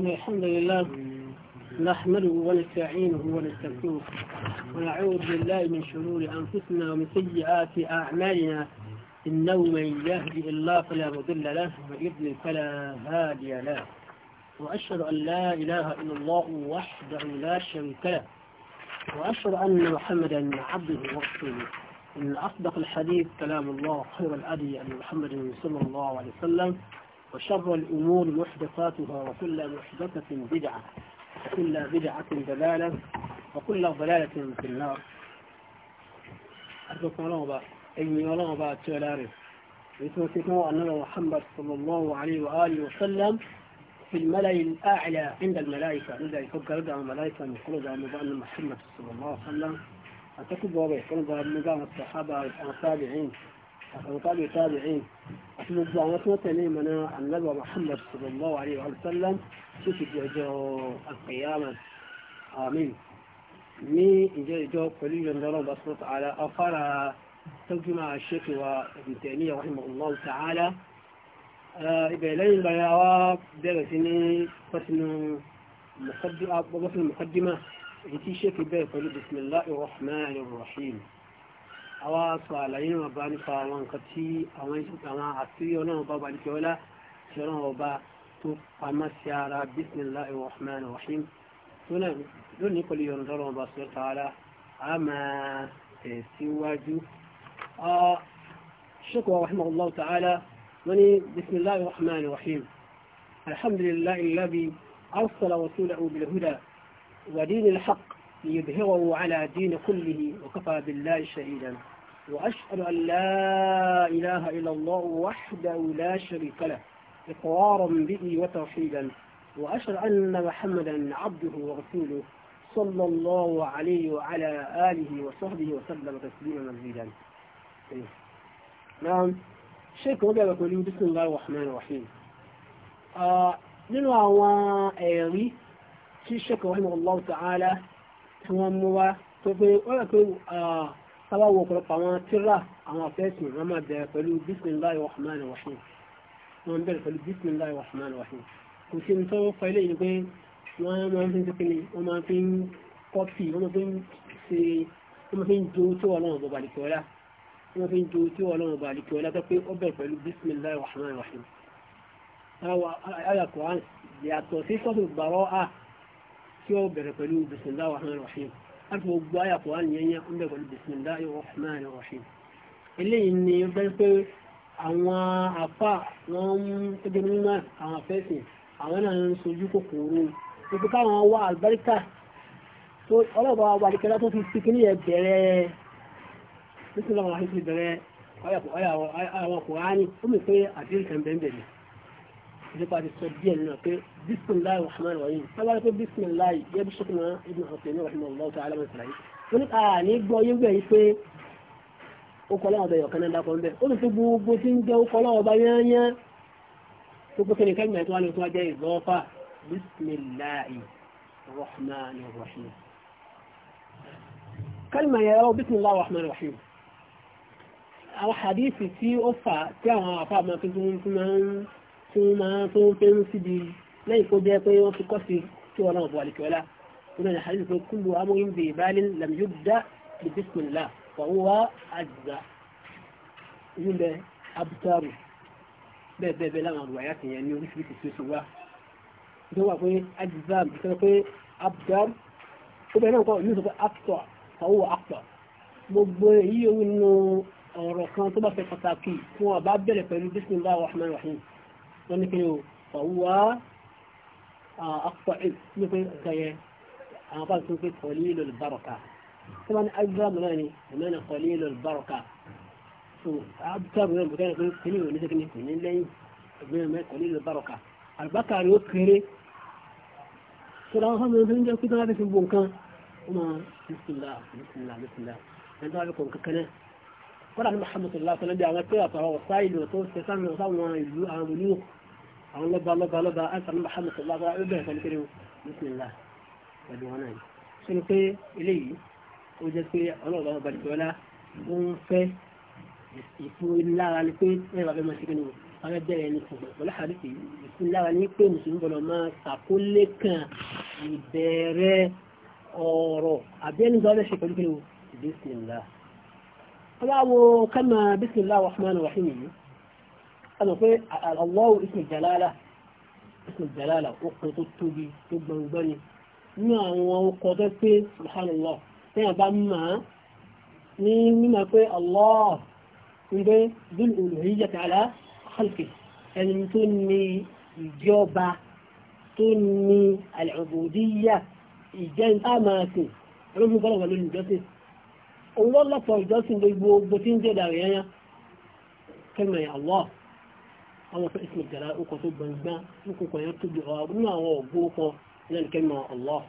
إن الحمد لله نحمده ونستعينه ونستغفره ونعوذ بالله من شرور أنفسنا ومن سيئات أعمالنا إنه من يهدي الله فلا مضل له وإذن فلا هادي له وأشهد أن لا إله إلا الله وحده لا شريك له وأشهد أن محمدا عبده ورسوله إن أصدق الحديث كلام الله خير الأدي أن محمد صلى الله عليه وسلم وشر الأمور محدثاتها وكل محدثة بدعة وكل بدعة ضلالة وكل ضلالة في النار أرجوكم الله بقى أي الله بقى تولاري يتوسكوا أن محمد صلى الله عليه وآله وسلم في الملأ الأعلى عند الملائكة إذا يفكر رجع الملائكة من خلود عن محمد صلى الله عليه وسلم أتكبوا به خلود عن الصحابة والتابعين àtàwọn tabi'in àti gbogbo àwọn tí wọ́n tẹ̀lé ìmọ̀nà ànábà Muhammad sallallahu alaihi wa sallam tó ti di ọjọ́ al-qiyamah àmín ní ìjọ ìjọ pẹ̀lú ìyọ̀nà ọlọ́run subhanahu wa ta'ala afárá tọ́júmọ́ àṣẹ́kì wa Ibn Taymiyyah rahimahullahu ta'ala ibẹ̀ lẹ́yìn báyà wá bẹ̀rẹ̀ sí ní pẹ̀sìnú muqaddima èyí tí ṣẹ́kì bẹ̀rẹ̀ pẹ̀lú bismillahir rahmanir rahim àwa sọ àlàyé wọn bá nípa àwọn nǹkan tí àwọn àwọn àṣírí ọlọ́run bá balẹ̀ ọlá tí ọlọ́run ọba tó pamọ́ sí ara bismillahir rahmanir rahim tó náà lónìí pẹ̀lú yọ̀rùn tọ́lọ́run ọba sọ شكوى رحمه الله تعالى وني بسم الله الرحمن الرحيم الحمد لله الذي أرسل رسوله بالهدى ودين الحق ليظهره على دين كله وكفى بالله شهيدا وأشهد أن لا إله إلا الله وحده لا شريك له إقرارا به وتوحيدا وأشهد أن محمدا عبده ورسوله صلى الله عليه وعلى آله وصحبه وسلم تسليما مزيدا نعم شيخ وقال يقول بسم الله الرحمن الرحيم من آه، àwọn ايري tí رحمه الله تعالى tí wọ́n mú wá tó pé ó yẹ pé sábà wọ ọ̀pọ̀lọpọ̀ àwọn tíra àwọn afẹ́sìn wọ́n máa bẹ̀rẹ̀ pẹ̀lú bisimilayi rahman rahim wọ́n bẹ̀rẹ̀ pẹ̀lú bisimilayi rahman rahim kò sí ní sọ́wọ́ fọ ilé yìí pé wọ́n máa fi ń ṣe kíni wọ́n máa fi ń kọ́pì wọ́n máa fi ń ṣe wọ́n máa fi ń jo tí wọ́n lọ́wọ́ bọ̀bà àdìkọ́lá wọ́n máa fi ń jo tí wọ́n lọ́wọ́ bọ̀bà àdìkọ́lá tó pé ó bẹ̀rẹ̀ tí ó bẹ̀rẹ̀ pẹ̀lú bisimilahi rahman rahim àti gbogbo ayà kò wá nìyẹn yẹn ń bẹ̀rẹ̀ pẹ̀lú bisimilahi rahman rahim eléyìí ni ó bẹ́ẹ̀ pé àwọn afá wọn ń tẹ́jọ́ mímọ́ àwọn afẹ́sìn àwọn náà ń sojú kòkòrò gbogbo káwọn wá àlùbáríkà tó ọlọ́ọ̀bá wa wàdìkẹ́lá tó fi fi kíní yẹn bẹ̀rẹ̀ bisimilahi rahman rahim bẹ̀rẹ̀ ọyà àwọn ó mì pé àdéhùn kan bẹ́ẹ̀ bẹ̀rẹ̀ nípa ti sọ díẹ̀ nínú pé bisimilayi rahman rahim sábà pé bisimilayi yẹ bí sọkùnà ibùdó ọ̀sẹ̀ ní rahman allah ta'ala mọ̀ sàlàyé wọn ní a ní gbọ́ yín gbẹ̀ yìí pé ó kọ́ lọ́wọ́ bẹ̀yọ̀ kan náà dákọ̀ ńbẹ̀ ó sì ti gbogbo tí ń jẹ́ ó kọ́ lọ́wọ́ bá yányán gbogbo kí ni kẹ́mi àti wọn ni tó wá jẹ́ ìzọ́fà bisimilayi rahman rahim kalma ya yawo bismillah rahman rahim àwọn hadisi tí ó fà tí àwọn àfáà máa tí wọ́n máa tó ń fẹ́rú síbi lẹ́yìn kó jẹ́ pé wọ́n fi kọ́ sí tí wọ́n náà bọ̀ àlìkẹ́ọ́lá wọn náà hàlì pé kúlù amóyún bèè báyìí lam yóò dá lè bísmìlá fọwọ́ wá àjùzá yúlẹ̀ abutaru bẹ́ẹ̀ bẹ́ẹ̀ bẹ́ẹ̀ láwọn àrùwáyà ti yẹn ní oríṣiríṣi tí ó ti wá tó wà pé àjùzá bìtẹ́ pé abutaru ó bẹ́ẹ̀ wọ́n ní kíni o fàwúwá afọ́ìl ní pé kẹyẹ àwọn bá tún pé kọlílò lùbárọ̀ká tí wọ́n ní agbára mìíràn ni mìíràn ni kọlílò lùbárọ̀ká so agbára mìíràn bùkẹ́ ní pé kíni o ní sẹ́kí ní kò ní lẹ́yìn ẹgbẹ́rún mẹ́ kọlílò lùbárọ̀ká àlùbákà rẹ̀ ó kéré tó dáwọn fún mi ní jẹ́ pípẹ́ láti fi bò nǹkan ó máa bísílá bísílá bísílá ẹni tó wà lóko nǹkan kanáà kọ́dà ní mahamadu allah sọlá bí àwọn pé àtàwọn ọ̀sáìlì ọ̀tọ́ ṣe sáwọn ìlú àwọn olùyókù àwọn lọ́ba lọ́ba lọ́ba ansa ní Muhammad sallallahu alaihi wa sallam bẹ̀rẹ̀ pẹ̀lú kiri bismillah pẹ̀lú wọn náà ṣe ni pé eléyìí ó jẹ́ pé ọlọ́ọ̀bá ọba ìjọba ó ń fẹ́ ìfúnlára ni pé ẹ bàbá máa ṣe kí ni o bàbá bẹ̀rẹ̀ ní ṣùgbọ́n pẹ̀lú àdìsí ìfúnlára ni pé mùsùlùmí gbọ́dọ̀ máa ṣàkólé kan ìbẹ̀rẹ̀ ọ̀rọ̀ àbí ẹni a sọ pé Allahu ismu jalala ismu jalala ó kọ́ tó tóbi tó gbọ̀ngbọ́n ni nínú àwọn ọkọ̀ tó pé subhanallah tẹ́yà bá mọ̀ ní mímọ̀ pé Allah ń gbé dúl uluhiyyati ala khalqi ẹni tó ní ìjọba tó ní al kẹ́mẹ̀ Allah àwọn fẹ́ ìsìn ìjàrá ọkọ̀ tó gbọ̀ngbọ́n ọkọ̀ yẹn tó bí ọ̀rọ̀ nínú àwọn ògbó ọkọ̀ ilẹ̀ kẹ́mọ̀ Allah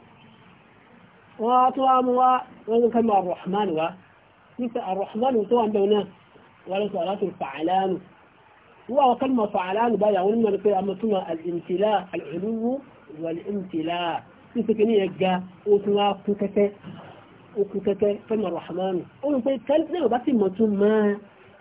wọ́n á tó wá mú wá wọ́n ń kẹ́mọ̀ Ar-Rahman wá nípa ar tó wà bẹ̀rẹ̀ náà wọ́n láti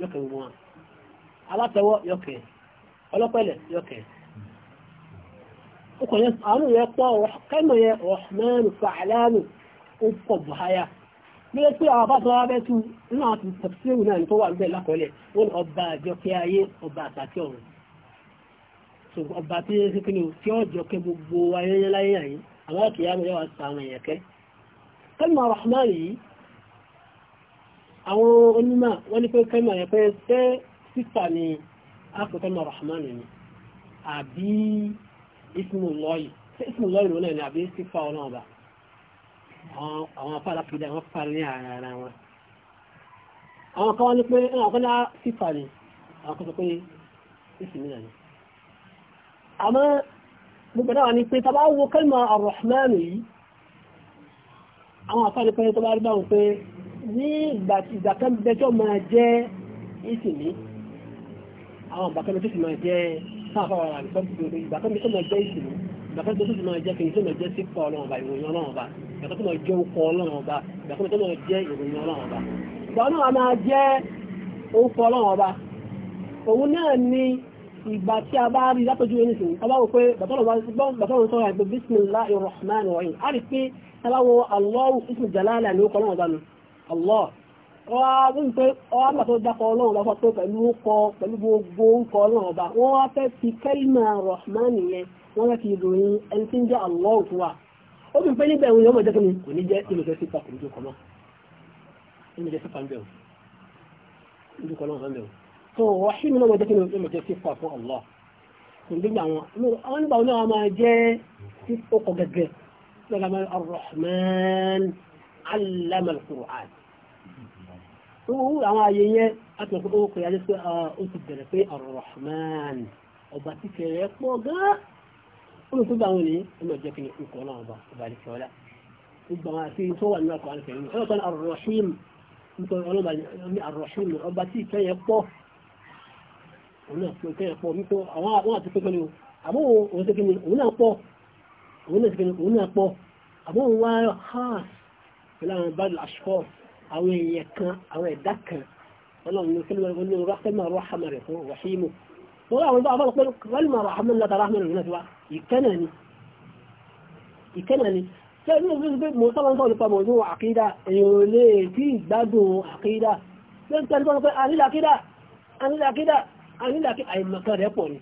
yọkẹ̀ gbogbo wọn alátẹwọ́ yọkẹ̀ ọlọ́pẹ̀lẹ̀ yọkẹ̀ ọkọ̀ yẹn àánú yẹ pọ̀ kẹ́mọ̀ yẹ ọ̀hánù fàálánù ó pọ̀ bùháyà ní ẹ pé àwọn abáṣọ́ abẹ́ tún nínú àwọn ti tẹ̀síwù náà ní tó wà níbẹ̀ lákọọ́lẹ̀ wọn ọba àjọkẹ́ ayé ọba àwọn onímọ̀ wọ́n ní pé kẹ́mà yẹn pé ṣé sísà ni ápùtẹ́mà rahman ni àbí ismu lọ́yì ṣé ismu lọ́yì lónà ni àbí sífà ọlọ́run ọba àwọn afárá pèdè àwọn afárá ní ara wọn àwọn kan wọ́n ní pé àwọn kan ní sífà ni àwọn kan sọ pé ismu náà ni àmọ́ gbogbo náà ni pé tàbá wo kẹ́mà arrahman yìí àwọn afárá pé tó bá rí báwọn pé ní ìgbà tí ìgbà kan bẹ tó máa jẹ́ ìsìnmí àwọn ìgbà kan bẹ tó sì máa jẹ́ sáà fáwọn ará nìkan tó ìgbà kan bẹ tó máa jẹ́ ìsìnmí ìgbà kan bẹ tó sì máa jẹ́ kìí tó máa jẹ́ sípò ọlọ́run ọba ìròyìn ọlọ́run ọba ìgbà kan tó máa jẹ́ okọ̀ ọlọ́run ọba ìgbà kan bẹ tó máa jẹ́ ìròyìn ọlọ́run ọba ìgbà náà máa jẹ́ okọ̀ ọlọ́run ọba òun náà ni ìgbà tí a bá rí látọjú ẹnìsìn tàbáwò pé bàtọ́lọ̀ sọ́rọ̀ àgbẹ̀ bismillahir rahmanir rahim a rí pé tàbáwò Allahu ismu jalala ní ó kọ́lọ́wọ́ bánu Allah wọ́n wí pé ọwọ́ àgbà tó dákọ̀ ọlọ́run lọ́fọ́ pé pẹ̀lú ọkọ pẹ̀lú gbogbo orúkọ ọlọ́run ọba wọ́n wá fẹ́ fi kẹ́lìmà Rahman yẹn wọ́n fẹ́ fi ìròyìn ẹni tí ń jẹ́ Allah fún wa ó fi pé níbẹ̀ òun yọmọ jẹ́ kí ni kò ní jẹ́ ìmọ̀jẹ́ sípa kò ní jókòó náà ìmọ̀jẹ́ sípa ń bẹ̀rù ìjókòó náà ń bẹ̀rù tó Rahim náà mọ̀ jẹ́ kí ni ìmọ̀jẹ́ sípa fún Allah kò ní gbà wọn àwọn nígbà wọn náà máa jẹ́ sípò kọ̀ gẹ́gẹ́ lọ́la máa Ar-Rahman allama al-qur'an owó àwọn ààyè yẹn láti ọ̀pọ̀ owó kò yára pé ah, ó ti bẹ̀rẹ̀ pé ar-rahman ọba ti fẹ̀rẹ̀ pọ̀ gan-an ó tó bá wọn ní ọmọ ìjọ kìíní nǹkan náà ọba ọba àti ìṣọ́lá gbogbo àwọn àti tó wà nínú ọkọ̀ àti ìṣẹ̀yìn ọba tí ìfẹ́yẹ pọ̀ òun náà pé ìfẹ́yẹ pọ̀ nítorí àwọn àti pé pẹ̀lú àmọ́ òun náà pọ̀ òun náà pọ̀ àmọ́ òun wá hàs كلام بعض الأشخاص أو يك أو يدك والله من كل من يقول له ما روح مريخ وحيمه والله من بعض الأشخاص قال ما راح من لا تراه من الناس يكنني يكنني فمن بس بس مثلا صار لبا موضوع عقيدة يولي في بابو عقيدة من كان يقول أنا لا عقيدة أنا لا عقيدة أنا لا عقيدة أي مكان يبوني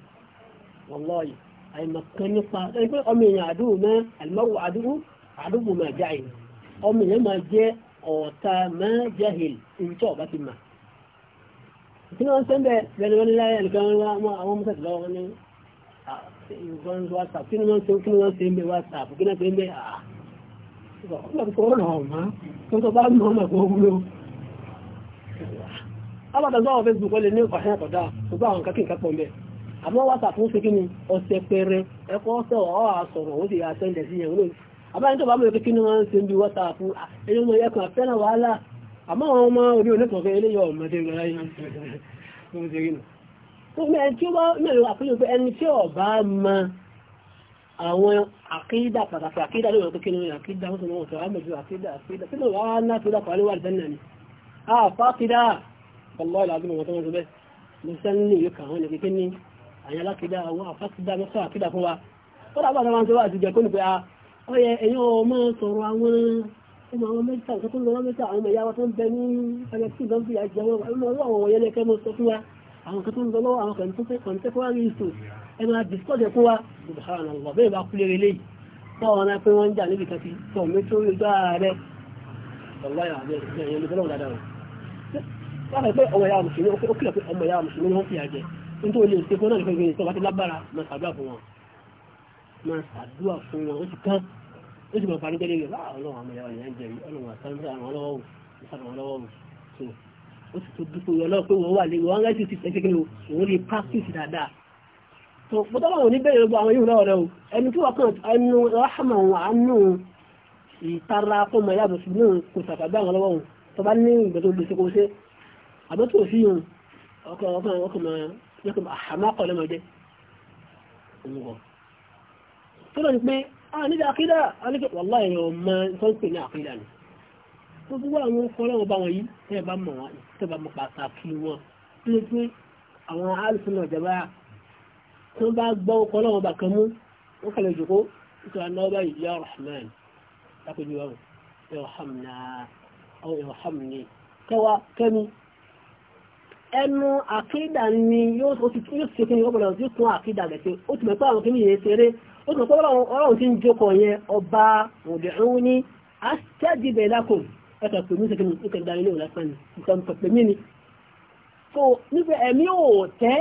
والله أي مكان يصير أي مكان يعدو ما المرء عدو عدو ما جعله ọmọ yẹn máa jẹ́ ọ̀tá máa jahil ìrìtọ́ ọ̀bá ti mà tí wọ́n sẹ́ ń bẹ̀ rẹ̀lẹ́wọ́n láyé ẹnìkan wọn àwọn mọ́sẹ̀ lọ́wọ́ wọn ní ìwọ̀n whatsapp kí ni wọ́n ṣe kí ni wọ́n ṣe ń bẹ̀ whatsapp kí ni wọ́n ṣe ń bẹ̀ àà Alábàtàzọ́ Facebook wọlé ní ọ̀hẹ́ ọ̀dá, ṣùgbọ́n àwọn kàkí ìkàpọ̀ mẹ́. Àmọ́ WhatsApp fún ṣe kí ni ọ̀sẹ̀ pẹrẹ, ẹkọ́ ọ̀sẹ̀ ọ̀há sọ̀rọ̀ ó sì yà sẹ́ndẹ̀ sí ẹ̀wọ́n àbáyé tó bá mọ̀ kékeré wọn ń ṣe bí wọ́ta fún ẹni ọmọ ẹkùn àfẹ́ràn wàhálà àmọ́ àwọn ọmọ orí onítọ̀fẹ́ eléyọ̀ ọmọdé rẹ̀ àwọn àkídà pàtàkì àkídà lórí ọ̀pẹ́ kínú àkídà ó sọmọ́ ọ̀tọ̀ àmọ̀jú àkídà àkídà tí lọ́wọ́ á náà tó dápọ̀ àríwá ìdánilẹ̀ ni a fàkídà ọlọ́ọ̀lá àdúgbò wọn tó wọ́n tó bẹ́ẹ̀ lọ́sẹ́ni yóò kàwọn ní kékeré ní àyàlákídà àwọn àfàkídà mọ́sọ́ àkídà fún wa ó dábàá ọyẹ ẹ̀yìn ọmọ sọ̀rọ̀ àwọn ọmọ àwọn mẹ́ta ọ̀sán tó lọ́wọ́ mẹ́ta àwọn ẹ̀yà wọn tó ń bẹ ní ẹgbẹ́ tí ìgbọ́n fìyà jẹ wọn lọ́wọ́ àwọn ọ̀yẹ́ lẹ́kẹ́ mọ́ sọ fún wa àwọn kan tó ń lọ́wọ́ àwọn kan tó fẹ́ contemporary ìsò ẹnu àdìsọ́jẹ̀ fún wa subhanallah bẹ́ẹ̀ bá kúlé relé tọ́ wọn pé wọ́n ń jà níbi kan ti tọ́ mẹ́tò ìgbà rẹ̀ ọ̀lọ́yà rẹ̀ ẹ̀yẹ ló fẹ́ràn dáadáa wọ́n pẹ́ ọmọ ìyá mùsùlùmí ó kílẹ̀ pé ọmọ ìyá mùsùlùmí wọ́n fìyà jẹ nítorí olè ìsìnkú náà nípa ìgbìyànjú tó bá ti lágbára mọ́ sàdúrà fún máa ṣàdúrà fún wọn ó ti kán ó sì máa fa nígbẹ́lẹ́ rẹ̀ láà ah, ọlọ́run àmì ẹ̀yà ìyá ń jẹ̀rí ọlọ́run àtàwọn àwọn ọlọ́wọ́ ìsàdùn ọlọ́wọ́ mi so ó sì tó dúpọ̀ yọ lọ́wọ́ pé wọ́n wà lé wọ́n láti ti ṣẹ́kẹ́ ní òun lè practice dáadáa so mo tọ́ báwọn oníbẹ̀rẹ̀ gbogbo àwọn yìí lọ́wọ́ rẹ o ẹni tí wọ́n kàn ẹnu rahama wọn àánú ìtara fọmọ ẹ̀yà bẹ̀sù náà kò sàkàgbà àwọn ọlọ́wọ́ tó bá ní ìgbẹ́tò lè ṣe kó ṣe àbẹ́ tó sí yìí ọkọ̀ ọkọ̀ ọkọ̀ máa yọkọ̀ àhámákọ̀ lẹ́mọdé tó lọ ní pé ah, a níbi àkídà alẹ́kẹ́ wàlá èèyàn ọmọ tó ń pè ní àkídà ni tó gbogbo àwọn fọlọ́wọ́ bá wọn yìí tẹ́ bá mọ̀ wọn tẹ́ bá mọ̀ pàtàkì wọn tó lè pé àwọn alùsùn náà jẹba tó bá gbọ́ fọlọ́wọ́ bá kan mú ó kẹlẹ̀ jòkó tó à náà báyìí yá rahman lápẹjù wọn ìwàhámnà àwọn ìwàhámnì kẹwa kẹmi ẹnu àkídà ni ó ti mẹ́pẹ́ àwọn kìíní yẹn ṣeré ó tún pọ́ ọlọ́run tí ń jókòó yẹn ọba òdìrún ní asẹ́dìbẹ̀ lákòó ẹ̀kà pè mí sẹ́kẹ́ nǹkan ìdarí ilé ìlàpẹ́ ni nǹkan pẹ̀pẹ́ mí ni so nípa ẹ̀mí ò tẹ́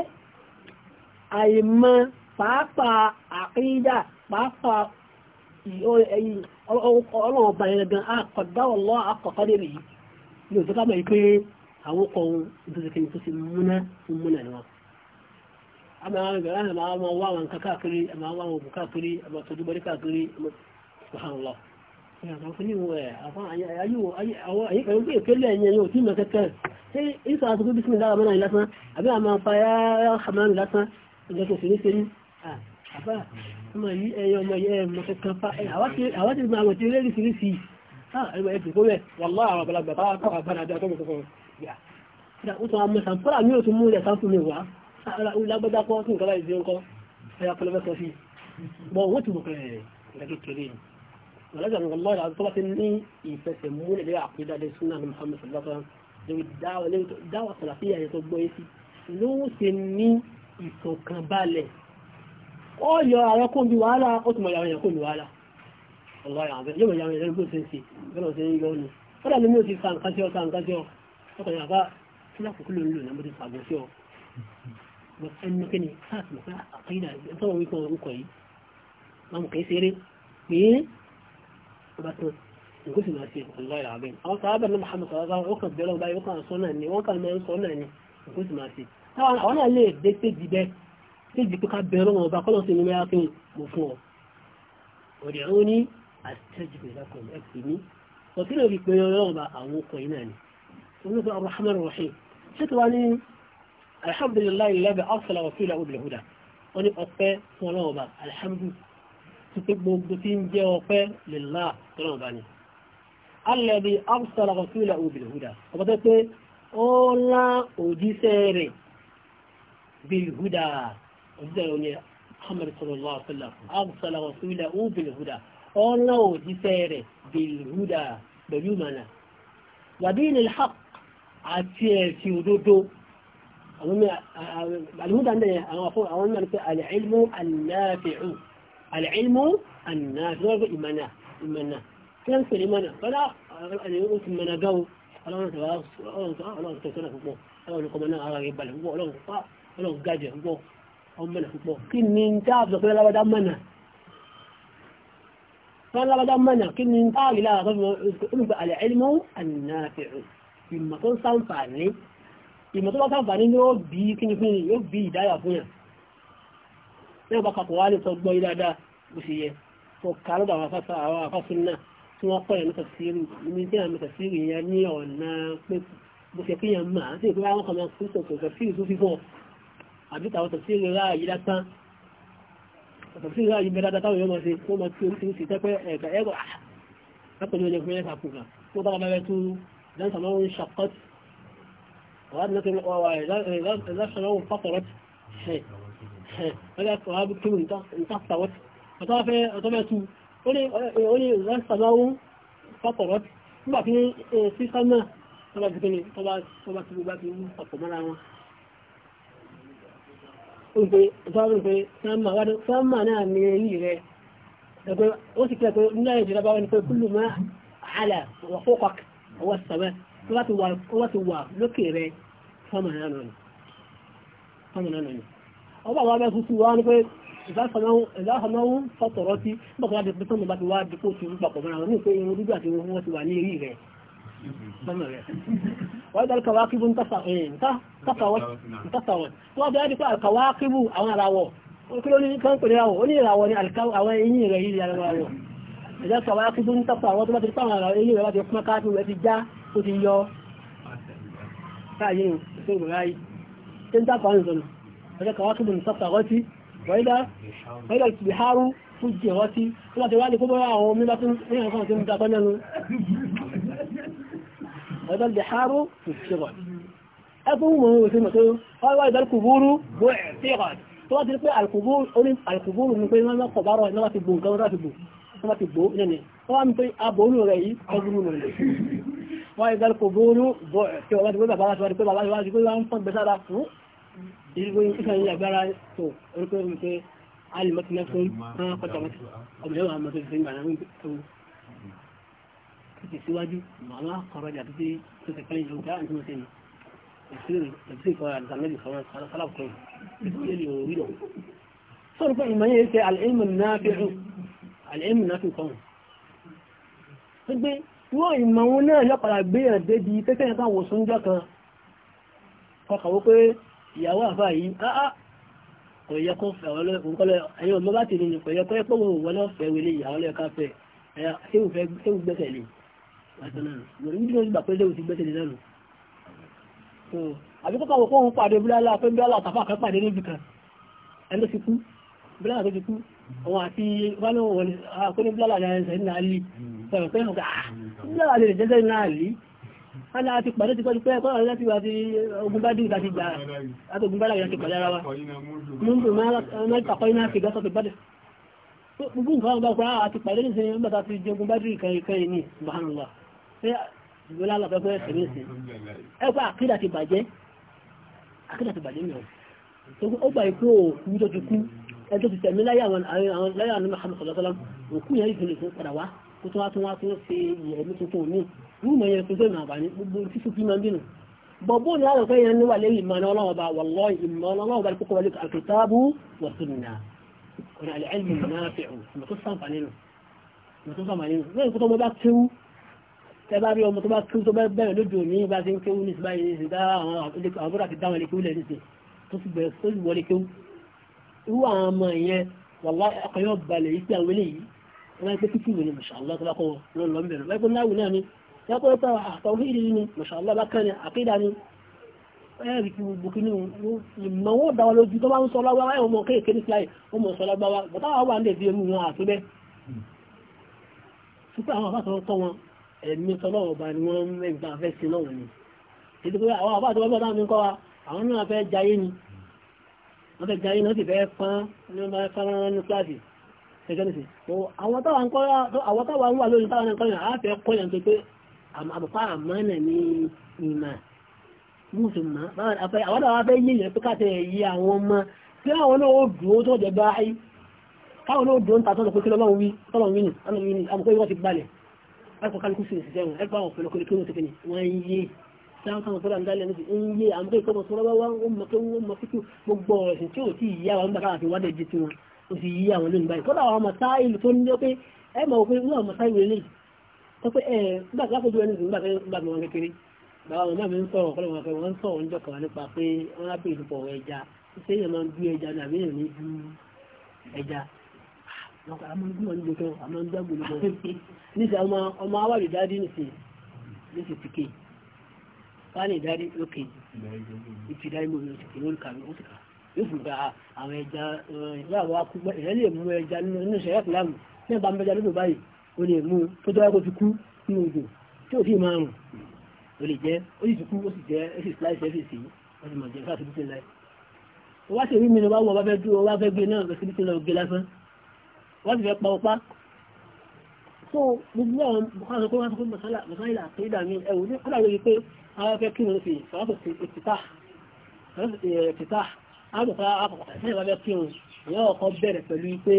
àìmọ̀ pàápàá àkídà pàápàá ọlọ́run ọba yẹn gan akọ̀dá ọlọ́ akọ̀kọ́ dé rèé ní òtítọ́ ká mọ̀ yìí pé àwọn kan tó ti kẹ́ni tó ti múná múná ni wọn àmà ìgbàlá àmà àwọn wà wọn káàkiri àmà àwọn òbù káàkiri àmà tọ́jú bọ́rí káàkiri ṣùgbọ́nlọ Àwọn tí máa wọ̀ tí ó lérí sí rí sí, ah, ẹgbẹ̀ẹ́ ti kó rẹ̀, wọ́n láàrín àbàlagbà bá kọ́ àbánadá tó mọ̀ tó kọ́. Ó tún àmọ́ sàmpọ́lá ní òtún mú ilẹ̀ sáfún mi wá, lágbọ́dá kọ́ sí nǹkan báyìí sí ń kọ́ ẹ̀yà pẹlẹbẹ sọ sí bọ́ wọ́n ti mọ̀ pẹ̀lẹ̀ lẹ́kẹ̀kẹ̀rẹ̀ ọ̀lọ́jà nǹkan lọ́rọ̀ àti tó bá Muhammad sallallahu alaihi wasallam lórí dáwà sàlàfíà yẹn tó gbọ́ yé sí ló ń ṣe ní ìṣọ̀kànbalẹ̀ ó yọ àwọn kó bí wàhálà ó ti mọ̀ yàwọn yẹn kó bí wàhálà ọlọ́rọ̀ àwọn yóò mọ̀ yàwọn yẹn bó ṣe ń ṣe bẹ́ẹ̀ lọ́sẹ̀ ń yọ ní mi ò ti fa nǹkan sí wọ́n ẹnukẹ́ ni sáàtì pé àkídà ìtọ́wọ̀ wípé orúkọ yìí wọ́n kẹ́ sí eré pé ọba tó nǹkan sì máa ṣe ọlọ́ọ̀yà abẹ́ àwọn sàábà náà Muhammad sọ̀rọ̀ ó kàn bẹ́ẹ̀ lọ́wọ́ báyìí ó kàn sọ náà ni wọ́n kàn máa ń sọ náà ni nǹkan sì máa ṣe táwọn àwọn náà lè dé péjì bẹ́ẹ̀ péjì pé ká bẹ́ẹ̀ lọ́wọ́ ọba kọ́lọ́ sí ni mẹ́ra kí mo fún ọ ọ̀dẹ̀ ó ní àtẹ́jù ìlàkùn ẹ̀kì ní ọ̀kí náà fi pé ọlọ́wọ́ ọba àwọn ọkọ̀ yìí náà ni alhamdulilayi lẹ́bẹ̀ ọ̀sọ̀lá wọ̀sílẹ̀ òbí lẹ́húdà wọ́n ní ọpẹ́ fún ọlọ́ọ̀bá alhamdu ti pé gbogbo tí ń jẹ́ ọpẹ́ lèlá ọlọ́ọ̀bá ni alẹ́bí ọ̀sọ̀lá wọ̀sílẹ̀ òbí lẹ́húdà ọba tó pé ó lá òjíṣẹ́ rẹ̀ bilhuda òjíṣẹ́ rẹ̀ ní Muhammad sallallahu alaihi wa sallam ọ̀sọ̀lá wọ̀sílẹ̀ òbí lẹ́húdà ó lá òjíṣẹ́ rẹ̀ bilhuda pẹ̀lú mọ̀nà wàbí ní àti ẹ̀sìn òdodo المدة عندنا أولا العلم النافع العلم النافع إيمانا إيمانا كان في إيمانا فلا يقول إيمانا جو أنا أنا أنا أنا تكلم فوق أنا كمان أنا أجيب بالي فوق أنا فا أنا جاجي فوق أمنا فوق كن من تاب ذكر الله بدأ منا فلا بدأ منا كن من تاب لا غير العلم النافع مما كان صنفاني ìmọ̀ tó bá sàǹfààní yóò bí kíni fún yóò bí ìdáyà fún yàn lẹ́yìn bá papọ̀ wá lè sọ gbọ́ ìdáadá bó ṣe yẹ tó ká lọ́dọ̀ àwọn afásá àwọn afásún náà tí wọ́n pọ̀ yẹn mẹ́ta síìrì ní tí àwọn mẹ́ta síìrì yẹn ní ọ̀nà pé bó ṣe kéèyàn mà á sì pé àwọn kan máa kú sọ̀tọ̀ sọ̀tọ̀ síìrì tó fífọ́ àbí tàwọn sọ̀tọ̀ síìrì ráàyè lásán sọ̀tọ̀ síìrì ráàyè mẹ́ta dáadáa yóò máa ṣe wọ́n máa tí oríṣiríṣi tẹ́pẹ́ ẹ̀ka ẹ̀rọ àpẹjọ ìjẹun fún ẹ̀ka kù kan tó bá bá bẹ́ẹ̀ tó وابنت لا شنو فطرت هذا إيه. إيه. هذا بكم انت انت صوت فطاف طبعت ولي ولي لا شنو فطرت ما في في سنة طبعا بني طبعا طبعا تبغى بني فطر ما لهم وفي طبعا في سما ورد سما نعم يليه يقول وسكت لا يجرى بعدين كل ما على وفوقك هو السبب tó bá ti wà lókè rẹ fọ́mọ̀nà nù ọba àwọn abẹ́ fúnfún wa ní pé ìdáhànáwó fọ́tọ̀rọ́ tí bọ́kọ̀ láti pẹ́ tọ́nà bá ti wá dípò tí ó papọ̀ mọ́ra wọn ní pé irun dúdú àti irun wọ́n ti wà ní eré rẹ̀ sọ́mọ̀ rẹ̀ eh, wọ́n dá kàwákìbù ntàkàwọ̀ tó wá bẹ́ẹ̀ dípò àkàwákìbù àwọn àràwọ̀ kí ní kan pè nírawọ̀ ó ní ìràwọ̀ ní àwọn eyín rẹ̀ yìí àràwọ̀ ìdá kàwákìbù ntàkàwọ̀ tó bá ti pàwọn àràwọ̀ eyín rẹ̀ bá ti pọ́n káàkiri ó ti yọ káàyè ìfún ìgbòráyì tí ń dápa ìzọ̀nà ọjọ́ kàwá kí bùn sọ́fà rọ́tí wọ́ídà ìbìhárú fún jẹ rọ́tí tó wá lè kó bọ́rọ̀ àwọn mímá tó ń rìn fún ọdún dápa nẹ́nu ọjọ́ ti pé alkùbúrú ní pé wọ́n mọ́ kọ̀bárọ̀ náà ti rẹ̀ yìí ẹgbẹ́ wọ́n ìgbà kò bóòrú tí ọ̀gá ti gbé bàbá wáṣíwájú pé bàbá wáṣíwájú pé wọ́n ń pọ̀ gbẹ́sára fún ìgbé ìṣàn ilẹ̀ agbára tó orúkọ ìwé pé alìmọ́tìmọ́ fún pọ́tàmọ́tì ọmọ ìwà àmọ́ tó ti gbà náà tó ti síwájú màmá kọ̀rọ̀ jà títí tó ti kẹ́lẹ̀ ìjọba àti mo ṣe ní ìṣirò ìkọ̀ àdìsàmẹ́lì sọ̀rọ̀ sálàkùn sọ̀rọ̀ pé ìmọ̀ yẹn ṣe àlẹ́ wọ́n ìmọ̀ wọn náà yọ́pàá gbéyàn débi pẹ́kẹ́ ẹ̀kan wò sún jọ kan ọkàwó pé ìyàwó àfà yìí áá ah, ah, kò yẹ kó fẹ́ ọlọ́ọ̀kọ́lẹ̀ ẹ̀yọ́ lọ́bá ti ní kò yẹ kó yẹ pọ́wọ́ wọn náà fẹ́ wẹlé ìyàwó lẹ́ẹ̀ká fẹ́ ẹ̀yà gbẹ́sẹ̀lé àbíkọ́kọ́ wọ́n pàdé bílá wọn àti wọ́n ní blọ́lá jẹ́ ní àlì sọ̀rọ̀ pé ọ̀gá ah, blọ́lá lè jẹ́ ní àlì wọ́n láti pàdé ti pẹ́lú pé ẹ̀kọ́ ọ̀rẹ́ láti wà sí ogun bá dùn láti gbà àtògùn bá láti pàdé ara wa múndù mẹ́ta kọ́ iná fìgbà sọ́fẹ́ bàdẹ̀ gbogbo nǹkan bá pa ah, àti pàdé ní sin bàtà ti jogun bá dùn ìkẹyìn ní subhanallah pé ìgbélá lọ́fẹ́ fẹ́ ní sin ẹ̀kọ́ àkídà ti bàjẹ́ àkídà ti bàjẹ́ mìíràn ó gbà ikú òkú tó ti kú ẹjọ́ ti tẹ̀mí láyé àwọn àwọn Muhammad sọ̀lọ́sọ́lá òkú yẹn ìfìlẹ̀ tó padà wá kó tó wá tó wá tó ṣe ẹ̀mí tuntun ní yóò mọ̀ yẹn pẹ̀lú ìmọ̀ àbáyé gbogbo tí sùn fi máa ń bínú bọ̀bọ̀ ni láàrọ̀ pé yẹn níwà lẹ́yìn ìmọ̀ ọlọ́wọ́ bá wọ̀lọ́ ìmọ̀ ọlọ́wọ́ bá kókó wọlé al-kitabu wa sunnah ọ̀nà al-ilmu nafi'u kó tó mọ́ bá kéwú irú àwọn ọmọ yẹn wàlá akọyọ balẹ̀ yìí pé àwọn eléyìí wọ́n máa ń pẹ́ títí mi ní mọ̀ṣálá tó bá kọ́ lọ lọ mẹ́rin wọ́n máa ń náwó náà ni wọ́n kọ́ pé àtàwọn ìdí ni mọ̀ṣálá bá kàn ní àkéda ni ẹ̀rì kí gbogbo kí ní ìmọ̀ wọ́n dáwà lójú tó bá ń sọ lágbáwá ẹ̀wọ̀n mọ̀ kéèké ní fly wọ́n mọ̀ sọ lágbáwá bọ̀tá wà wà ní ẹ̀bí ẹ̀mú wọn àti bẹ́ ṣùgbọ́n àwọn àbáṣọ tọ́ wọn ni wọ́n fẹ́ jayé náà sì fẹ́ pán ní ọmọ ẹ̀fọ́n ní kíláàsì ẹgbẹ́ nìsí àwọn táwọn wà lórí táwọn ẹ̀kọ́ yẹn àáfẹ́ kọ́ yẹn tó pé àbùkọ́ àmọ́nà ní ìmọ̀ mùsùlùmá àwọn àwọn afẹ́ yìí yẹn pé káàtẹ́ yí àwọn ọmọ tí àwọn náà ó dúró tó jẹ báyìí káwọn náà ó dúró ń ta tọ́lọ pé kí lọ́wọ́ wí tọ́lọ wí nì àmọ́ pé wọ́n ti gbalẹ̀ ẹ̀kọ́ kálukú sí ìṣiṣẹ́ sáwọn kan sọ́dọ̀ àndálẹ̀ ní ń yé àmọ́ ìkọ́mọ̀ sọ́rọ̀ wá wọ́n mọ̀ pé wọ́n mọ̀ fíkú gbogbo ẹ̀sìn tí ò tí ì yá wọn nígbà káàkiri wádẹ́ jí tí wọn ó sì yí àwọn lónìí báyìí kọ́dà àwọn mọ̀tá ìlú tó ń jẹ́ pé ẹ mọ̀ pé wọ́n mọ̀tá ìwé lè tó pé ẹ nígbà tó lápòjú ẹni nígbà tó wọn kékeré bàbá wọn náà mi ń sọ̀rọ̀ kọ́lọ̀ wọn pé wọ́n ń sọ̀rọ̀ ń jọkọ̀ nípa pé wọ́n á bèèrè pọ̀ ẹja ṣé èèyàn máa ń bí ẹja ní àbí èèyàn ní bí ẹja lọ́kọ̀ àmọ́ ń gbọ́n nígbà tó àmọ́ ń jágbó lọ́wọ́ níṣẹ́ ọmọ awárìdádì nìṣẹ́ nìṣẹ́ tìkẹ́ fáàlì ìdarí lókè ìtìdarí mọ̀ lórí òsìkè lórí kàwé òsìkà yóò fi gba àwọn ẹja eh, ìwà àwọn akúgbẹ́ ìrẹ́ lè mú ẹja nínú ìṣẹ̀yà fìlàmù ní ìbá mẹ́ja lódò báyìí ó lè mú tó jẹ́ kó ti kú nínú odò tí ò sì máa rùn ó lè jẹ́ ó sì ti kú ó sì jẹ́ ó sì láì ṣe é fèsì ó sì mọ̀ jẹ́ káàtó bísí láì. ó wá sì rí mi ni wọ́n wá fẹ́ dúró wá fẹ́ gbé náà lọ gé lásán so gbogbo àwọn bùkátà kó wá sọ pé mọ̀sálà àkéèdà mi ẹ̀wò ní kó afẹ́ kí wọ́n fi sọ́tò ìtìtà àgbàfà àpapọ̀ afẹ́ kí wọ́n yọ́ ọkọ̀ bẹ̀rẹ̀ pẹ̀lú pé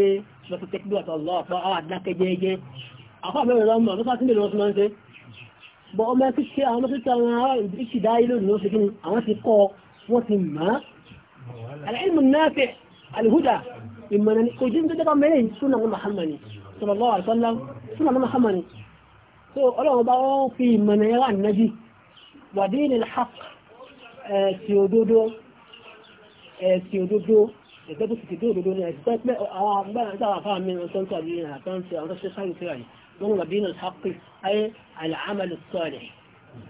lọ́tọ̀ tẹ́kílù àtọ̀lọ́ ọ̀pọ̀ àwọn àdákẹ́ jẹ́ẹ́jẹ́ afọ́ àbẹ̀rẹ̀ lọ́mọ lọ́sà tí lè lọ́sọ máa ń ṣe bọ́ ọmọ ẹ̀sì ṣe àwọn tó tẹ́wọ́n ará ìdíkì dá ilé òdìlọ́ ṣe kíni àwọn ti kọ́ wọ́n ti mọ̀ al-ilmu an-nafi' al-huda ودين الحق سيودودو آه، سيودودو آه، يعني، آه، دين الحق أي العمل الصالح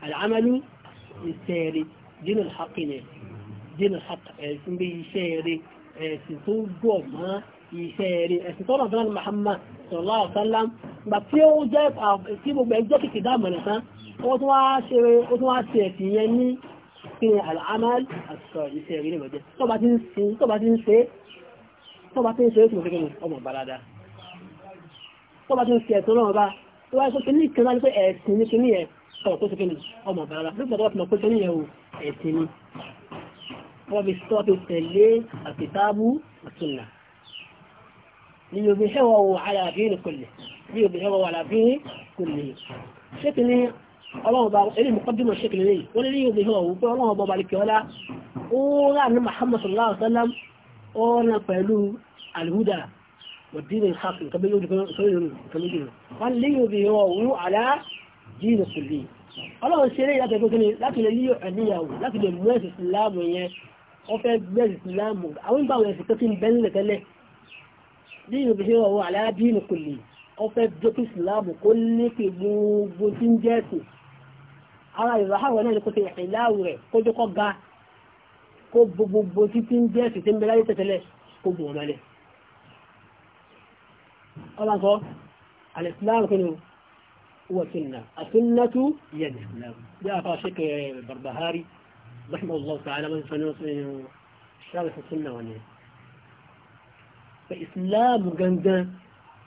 العمل الساري دين الحق يعني. دين الحق اسم بيساري سيودودو محمد صلى الله عليه وسلم ما فيه جاب أو كيف بيجاك كده من ó tún wá ṣe ó tún wá ṣe ẹ̀sìn yẹn ní kí ni àlàámàl àṣọ iṣẹ́ ìrìn ìbọ̀jẹ́ tó bá ti ń sin tó bá ti ń ṣe tó bá ti ń ṣe ó ti mọ̀ kékeré ọmọ balada tó bá ti ń ṣe ẹ̀tọ́ náà bá tó wá sọ pé ní ìkànnà على دين كله ليظهره على دين كله شكني ọlọ́run bá eré mọ̀kọ́dúnmọ̀ ṣékèlè rẹ̀ wọ́n lè yóò hàn wípé ọlọ́run bá balẹ̀ kíọ́lá ó rà ní Muhammad sallallahu alaihi wasallam ọ̀nà pẹ̀lú alhuda wàdínì hàfi nǹkan méjì òdìkan nǹkan méjì rẹ̀ wọ́n lè yóò bí hàn wú àlá jíìnì sùlì ọlọ́run ṣe eré láti ẹgbẹ́ láti lè yíyọ ẹ̀níyàwó láti lè mú ẹ̀sìn ìsìláàmù yẹn wọ́n fẹ́ gbẹ̀rẹ̀ ìsìláàmù àwọn ìgbà àwọn ẹ̀sìn tó ti ń bẹ́ńlẹ̀ tẹ́lẹ̀ jíìnì bí hàn wú àlá jíìnì kùlì wọ́n fẹ́ jẹ́ kí ìsìláàmù kó ní pè gbogbo tí ń jẹ́ ẹ̀sìn ara ìrọ̀háwọ̀ náà ni kó fi ìpìláwù rẹ̀ kó jẹ́ kọ́ ga kó gbogbo títí ń jẹ́ ṣìṣẹ́ mẹ́láyé tẹ̀tẹ̀lẹ̀ kó bù wọn mẹ́lẹ̀ ọlọ́sọ alìsíláàmù kí ni هو سنة السنة يد جاء فاشك البربهاري رحمه الله تعالى من سنة شارح السنة ونيه فإسلام جندا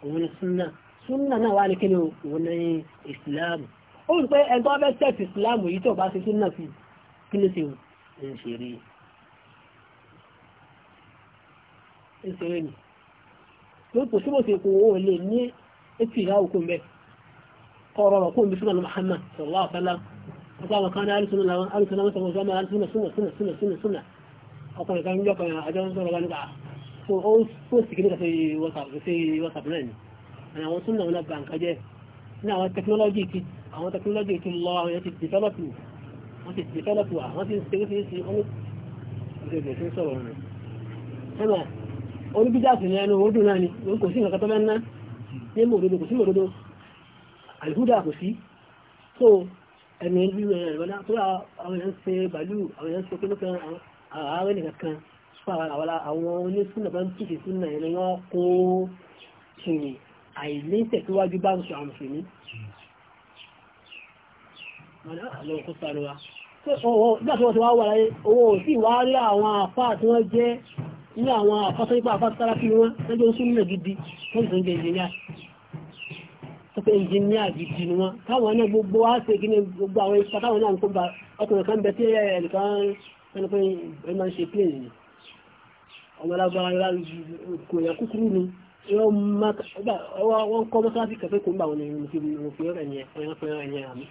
ومن السنة سنة نوع على كنو ونيه إسلام ó ń pẹ́ ẹgbọ́n fẹ́ sẹ́ẹ̀tì ìsìláàmù yìí tó bá ṣe súnà sí kí ló ṣe ń ṣeré ń ṣeré nì tó kò síbò sí kò ó lè ní etí ìyá òkú mbẹ ọ̀rọ̀ ọ̀rọ̀ kó ń bí súnà ní Muhammad sallallahu alaihi wasallam ọkọ àwọn kan ní alùsùnà làwọn alùsùnà wọn sọmọ sọmọ alùsùnà súnà súnà súnà súnà súnà ọkùnrin kan jọ kan àjọ ń sọ̀rọ̀ gánúkà tó ó sì kí ní kàfẹ́ WhatsApp náà ni àwọn súnà wọn bá nǹkan jẹ́ ní àwọn tẹkinọ́lọ́jì ti àwọn tẹkinọ́lọ́jì ti lọ àwọn yẹn ti dìtọ́lọ́pù wọ́n ti dìtọ́lọ́pù àwọn ti ń ṣe oríṣiríṣi ọmọ ìgbẹ̀gbẹ̀ tó sọ̀rọ̀ rẹ̀ ẹ̀mà oníbídàsì ni ẹnu odò náà ni òun kò sí nǹkan tó bá ń ná ní mò òdodo kò so ẹni lílo ẹ̀rọ ìrọ̀lá tó àwọn èèyàn ṣe bàálù àwọn èèyàn ṣe pé lókan ààrẹ nìkan kan àwọn onísúnà bá ń tìkì súnà ẹni wọn kó ṣìrìn àìlẹ́sẹ̀ tó wájú bá ń sọ àwọn ní àwọn àfásárípá àfására fi wọ́n lẹ́jọ́ oṣù nílẹ̀ gidi wọ́n ìsọ́n jẹ ìjìnlẹ̀ ọ̀pẹ́ ìjìnlẹ̀ gidi ni wọ́n káwọn náà gbogbo wá sí gíní gbogbo àwọn ipa táwọn náà kó bá ọkùnrin kan bẹ tí ẹnìkan ẹnìkan ṣe pé ènìyàn ọmọ alágbára kò yà kúkúrú ni wọ́n kọ́ mọ́sáàtì kẹfẹ́ kò ń bà wọn ní ìrìnlẹ̀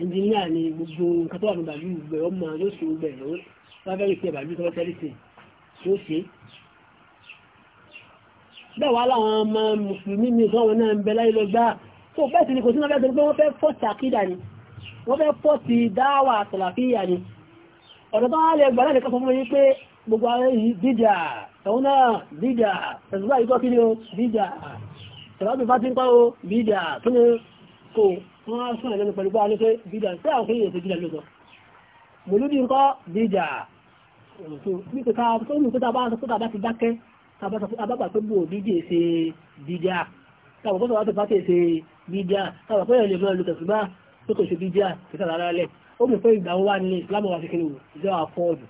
ẹnjìníà ni gbogbo nǹkan tó wà ní bàálù gbẹ̀ ọmọ yóò ṣe gbẹ̀ lọ́wọ́ lábẹ́ ìpẹ́ bàálù tó tẹ́lẹ̀ sí yóò ṣe bẹ́ẹ̀ wá láwọn ọmọ mùsùlùmí mi sọ́wọ́ náà ń bẹ láyé lọ gbá tó bẹ́ẹ̀ sì ni kò sí lọ́gbẹ́ tó wọ́n fẹ́ fọ́ tàkídà ni wọ́n fẹ́ o dídà tẹ̀wọ́n tó bá o dídà tó ní kò wọ́n á sún ẹ̀lẹ́nu pẹ̀lú gbáà ní pé bídà tí àwọn kéèyàn ti bídà lóòtọ́ mòlúdí ń kọ́ bídà ní pé ká tó ní kóta bá sọ kóta bá ti dákẹ́ abábà pé bò díje ṣe bídà táwọn kóta wá ti bá ti ṣe bídà táwọn pé ẹ̀lẹ́ mọ́ lùkẹ̀sùgbà tó kò ṣe bídà kìtà lára lẹ̀ ó mú pé ìgbà wà ní Islam wa kékeré wò ìjọ àfọ́ọ̀dù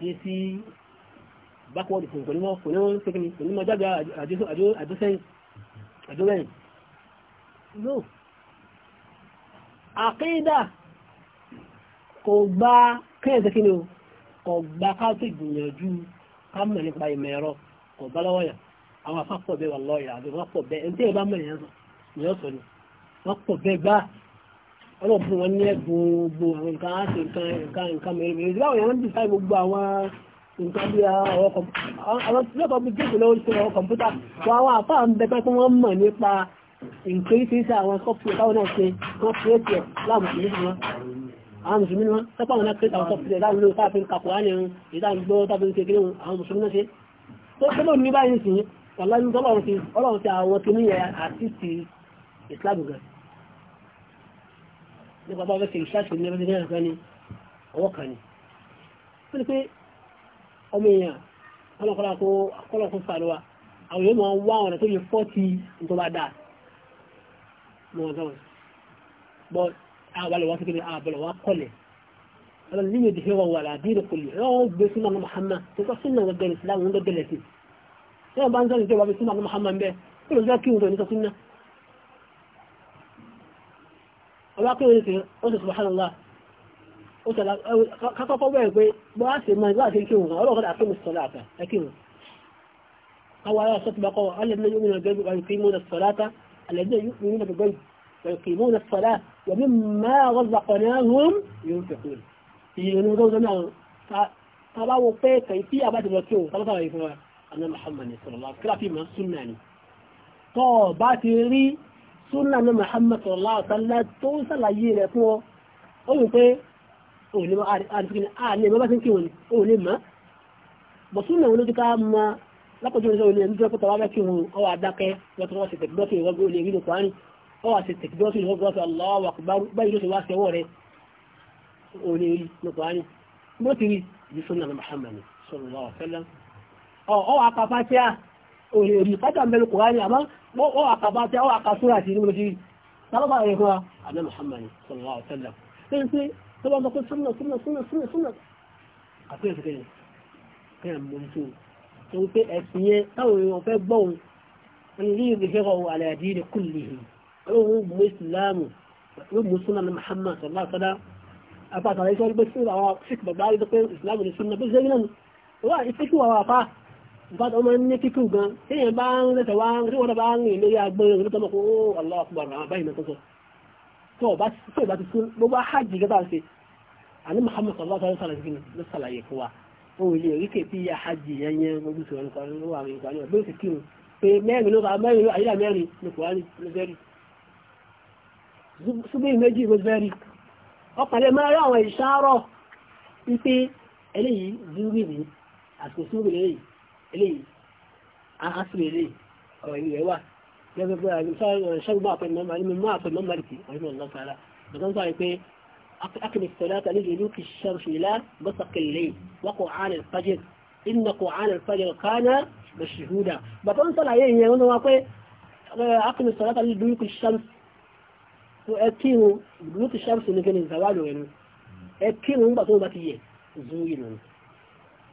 ní sí backward fún pẹ̀lú wọn pẹ̀lú wọn pẹ̀lú wọn jáde àdúsẹ́yìn àdúrẹ́yìn àkídà kò gbá kẹ́ẹ̀sẹ̀ kí ni o kò gbá káàkiri gbìyànjú kámọ̀ nípa ìmọ̀ ẹ̀rọ kò bá lọ́wọ́ yà àwọn afápọ̀ bẹ́ẹ̀ wà lọ́ọ̀yà àbí wọ́n pọ̀ bẹ́ẹ̀ ẹni tí ẹ bá mọ̀ èèyàn yóò sọ ni wọ́n pọ̀ bẹ́ẹ̀ gbá ọlọ́run fún wọn ní gbogbo àwọn nǹkan àti nǹkan nǹkan nǹkan mẹ́rin mẹ́rin láwọn èèyàn ń dì sáì gbogbo àwọn bí àwọn kọ̀mpútà àwọn wọ́n àwọn kọ̀mpútà ń bẹ pẹ́ pé wọ́n mọ̀ nípa ìkìrìtìsì àwọn software táwọn náà ṣe wọ́n create ẹ̀ láàmùsùlùmí wọn àwọn mùsùlùmí wọn sọ́pọ̀ wọn náà create àwọn software láwọn olóòtú àfihàn kàkùrá ní ìdáǹgbọ́ tàbí kékeré àwọn mùsùlùmí náà ṣe tó tó lónìí báyìí sí wàláyé tọ́lọ́run ti ọlọ́run ti àwọn tó níyẹ àtìsì Islam gan nípa bá fẹ́ ìṣàṣe ní ẹgbẹ́ náà gani ọwọ́ kan ni ó ní pé ọmọ èèyàn kọ́lọ̀kọ́lọ̀ kó fàlọ́wà àwọn èèyàn máa ń wá ọ̀nà tó yẹ fọ́ ti ìjọba dáa mọ̀ọ́dọ́rùn bọ́ àbálọ̀wá sí kí ni àbálọ̀wá kọlẹ̀ ọlọ́run ní ìdí hẹ́wọ̀n wà láàbírí kò lè rọ́ọ̀ gbé súnmọ́ ní Muhammad tó kọ́ súnmọ́ gbẹ̀gbẹ̀ Islam ń gbẹ̀gbẹ̀ sí tí wọ́n bá ń sọ́rọ̀ ìjọba bí súnmọ́ ní Muhammad bẹ́ẹ̀ kí ló ń jẹ́ kí wọ́n ní sọ́súnmọ́ ọba kí wọ́n ní sọ́sún ó sì subhanallah ó sọ̀rọ̀ kákọ́kọ́ الذين يؤمنون بالغيب ويقيمون الصلاة ومما رزقناهم ينفقون ìyẹnu tó zama ta bá wo pé kàìfí àbájọ lọ tí ó tàbátà rẹ̀ fún wa annan muhammad sallallahu kíláfí ma súnà ni tó bá ti rí súnà na muhammad sallallahu sallá tó sàlàyé rẹ̀ fún ọ yìí pé òun ni ma àrífin àní ẹ̀mọ́ bá ti ń kí òun ni ma bọ̀ súnà wọn ló ti ká ma lápòjú ìṣẹ́ olè ní tẹ́kọ̀tà wá mẹ́kí wọn ọwà dákẹ́ lọ́tọ́ wọ́n sì tẹ̀kídọ́tì ìwọ́gbọ́ olè nínú kwari ọwà sì tẹ̀kídọ́tì ìwọ́gbọ́sọ Allahu Akbar báyìí ló ṣe wá sẹ́wọ́ rẹ̀ olè rí ní kwari bó ti rí ìdí sunnah Muhammad sallallahu alaihi wasallam ọwà kàfà tí a olè rí pátá mẹ́lú kwari àmọ́ ọwà kàfà tí a ọwà kàfúrà sí ní mo ti rí rẹ̀ fún wa àmì Muhammad sallallahu alaihi wasallam lẹ́yìn pé tó bá sọ pé sunnah sunnah sunnah sunnah sunnah àpẹẹrẹ kẹyàn kẹyàn mọ́ torí pé ẹ̀sìn yẹn táwọn èèyàn fẹ́ gbọ́ òun ní ìrìhẹ́rọ̀ àlàyé rẹ̀ kùlì ọlọ́run mú ìsìláàmù ló mú súnà ní Muhammad sallallahu alaihi wasallam apáta rẹ̀ sọ́rí pé sí àwọn sikh bàbá rí pé ìsìláàmù ní súnà bó ṣe rí lẹ́nu wà ìsìnkú wà wàpá nípa ọmọ ní kíkú gan téèyàn bá ń rẹ̀tẹ̀ wá ń rí wọ́n bá ń rìn lórí agbẹ́rẹ́ òun tọ́mọ́ kó Allahu akbar àwọn báyìí náà tó sọ tó bá ti sún gbogbo hajj gẹ́gẹ́ bá ṣe àní Muhammad sallallahu alaihi wasallam òun ilé oríkè tí yà hajj yẹn yẹn olùsọ̀rọ̀ nǹkan ló wà nǹkan ní ọ̀bẹ́ òsì kírun pé mẹ́rin ló bá mẹ́rin ló àyílà mẹ́rin ló kò wárí ló fẹ́rí ṣùgbọ́n méjì ló fẹ́rí ọkànlẹ̀ máa rí àwọn ìṣàárọ̀ wípé eléyìí zúrí ni àsìkò súrù eléyìí eléyìí àásù eléyìí ọ̀rọ̀ ìlú rẹ̀ wà gẹ́gẹ́ bí ṣàgbọ́n àpẹẹmọ́ àpẹẹmọ́ màlìkì ọ̀rọ̀ ìlú أقم الصلاة لجلوك الشمس إلى بسق الليل وقعان الفجر إن قعان الفجر كان مشهودا بطن صلاة يهي أنه أقول أه، أقم الصلاة لجلوك الشمس وأكيم دلوك الشمس نجن الزوال وينو أكيم بطن بطية زوين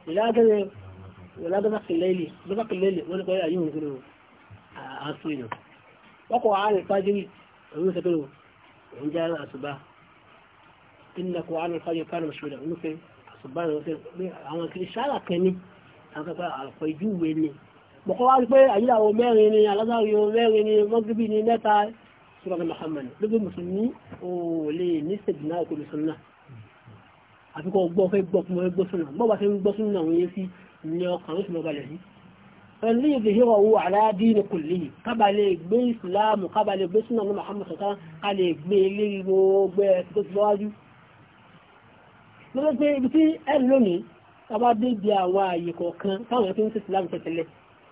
لكن ولا بسق الليل بسق الليل ولا قول أيهم كله أه، أصوينه وقعان الفجر ويسكنه عند الصباح ìnàkọ̀ alùpàyọ̀ kánà mọ̀ṣúlẹ̀ olùfẹ́ àṣùgbọ́n àwọn kiri sára kẹni àwọn kẹfà àlùfọ̀ ìjúwe ni mọ̀kọ́ wá pé àyíláwò mẹ́rin ni alágbàwò mẹ́rin ni mọ́gírí ni mẹ́ta sọ́rọ̀ Muhammad lóbi mùsùlùmí ò lè ní sèdínà òkúlù sunna àfikọ́ gbọ́ fẹ́ gbọ́ fún ẹgbọ́ sunna mọ́ bá fẹ́ ń gbọ́ sunna àwọn yẹn sí ní ọkàn ó sì mọ́ balẹ̀ sí ẹni ìdíhìrọ̀ owó àládí kò lè kábà gbé ìsìlámù kábà gbé sunna ní Muhammad sọ̀tán ká gbé ilé gbogbo ẹ̀ tó ti lọ́wájú lọ́dọ́ pé ibi tí ẹ̀rì lónìí tàbá débi àwọn ààyè kọ̀ọ̀kan táwọn tó ń tẹ̀sí láàbù tẹ̀tẹ̀lẹ̀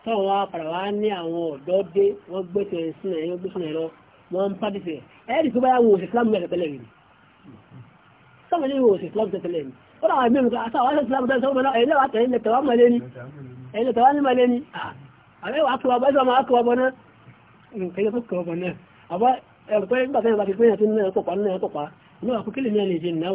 táwọn wá padà wá ní àwọn ọ̀dọ́ dé wọ́n gbẹ̀tẹ̀ sínú ẹ̀yọ́ gbẹ̀sùn ẹ̀rọ wọ́n ń pàdífẹ̀ ẹ̀rì tó bá yàwó òsì islam mẹ́rin tẹ́lẹ̀ rìn sáwọn ilé ìwòsì islam tẹ́tẹ̀lẹ̀ rìn ó dàwọn ẹ̀mí nǹkan àtàwọn ẹ̀sẹ̀ islam tẹ́lẹ̀ sọ́wọ́n ẹ̀lẹ́ wa tẹ̀lé tẹ̀wá mọ̀lẹ́ ni ẹ̀lẹ́ tẹ̀wá ní mọ̀lẹ́ ni àbẹ́ wà kọ́ ọbọ̀ ẹ̀sọ́ máa kọ́ ọbọ̀ náà nǹkan yóò kọ́ ọbọ̀ náà àbọ̀ ẹ̀rọ pé nígbà tẹ́lẹ̀ tó pa ní ẹ̀kọ́ pa ní wà kó náà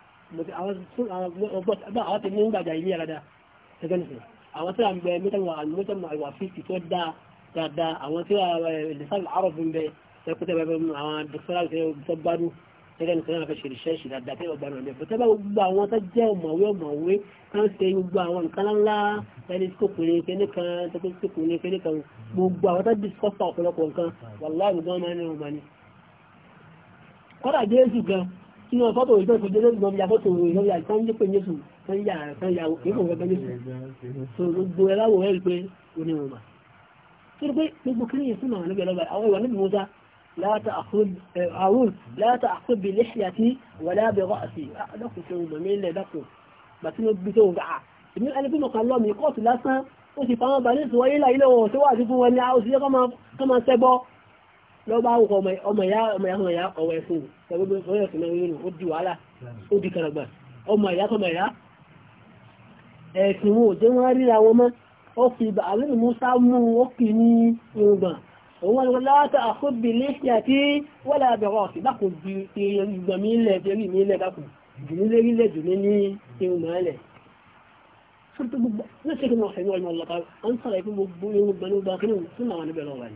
àwọn tí mú gbàjà ilé àrádá ẹgbẹ́nìsìn àwọn tí a ń bẹ mẹ́tẹ̀mù àlwàfíìsì tó dá dáadáa àwọn tí a lẹ́sàn àrọ̀fún bẹ ẹkùtẹ́ bẹ àwọn dọ́kítọ́rà tó gbádù ẹgbẹ́nìsìn náà fẹ́ ṣe ìṣẹ́ṣì dáadáa tẹ́lẹ̀ gbádù ọ̀dẹ́ fẹ́ tẹ́lẹ̀ gbogbo àwọn tó jẹ́ ọ̀mọ̀wé ọ̀mọ̀wé kan ṣe gbogbo àwọn nǹkan ńlá ẹni tó kù ní kíní kan tó tó kù ní kíní kan gbogbo àwọn tó discover ọ̀pọ̀lọpọ̀ nǹkan wàláì gbọ́n máa ń ní ọmọ ni kọ́dà jésù gan tí wọ́n fọ́tò ìjọ ti délé lọ ya fọ́tò ìlọ ya ìtàn yípe yéṣù tán yà tán yà kéèkò rẹ̀ yéṣù so gbogbo ẹ láwọ̀ ẹ̀ pé o ní wọn mà tó rí pé gbogbo kí nìyí súnmọ̀ níbi ẹlọ́gbà àwọn ìwà níbi Musa láta àkó bi lẹ́ṣìá tí wà lábẹ́ rọ́ àti àdọ́kùn tó mọ̀ mílẹ̀ dákùn bàtí ló bí tó gbà á ah, èmi ẹni pé mọ̀kàn lọ́ba awùkọ ọmọ ìyá ọmọ ìyá ọmọ ìyá ọwọ́ ẹ̀fọ́ ẹgbẹ́ ọwọ́ ẹ̀fọ́ mẹ́rin yóò ó di wàhálà ó di kàràgbà ọmọ ìyá tọmọ ìyá ẹ̀sìn wo jẹ́ wọ́n ríra wọn mọ́ ó fi àlẹ́nu musa mú ó kì ní irùngbọ̀n òun wọn láta àkóbì lẹ́sìn àti wọ́lá abẹ̀rọ̀ ọ̀sìn bá kò di irùngbọ̀n mi lẹ̀ jẹ́rì mi lẹ̀ dákùn jùmí lérí lẹ̀ jùmí ní irùngbọ̀n lẹ̀ sọ́tọ̀ gbogbo ní ṣe kí wọ́n fẹ́ wọ́n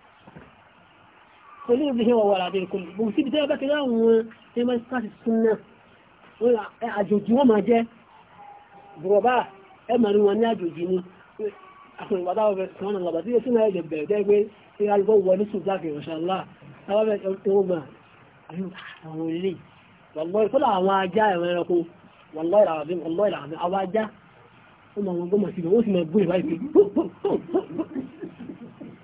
pẹ̀lú ìbìhìn wọ̀wọ̀ àdín kò bò sí ibi tẹ́ bá kẹrẹ àwọn ẹmọ ìsáàtì súnmọ́ àjòjì wọ́n máa jẹ́ bùrọ̀bá ẹmọ̀rí wọn ní àjòjì ni àfihànwàdá ọ̀fẹ́ sọ́nà lọ́bà tí yóò súnmọ́ ẹ̀jẹ̀ bẹ̀rẹ̀ jẹ́ pé ṣe alùpọ̀ wọ ní sùn láti ìrọ̀ṣàlá àwọn ilé wàlọ́ ìfọ́lá àwọn ajá ẹ̀rọ ẹranko wàlọ́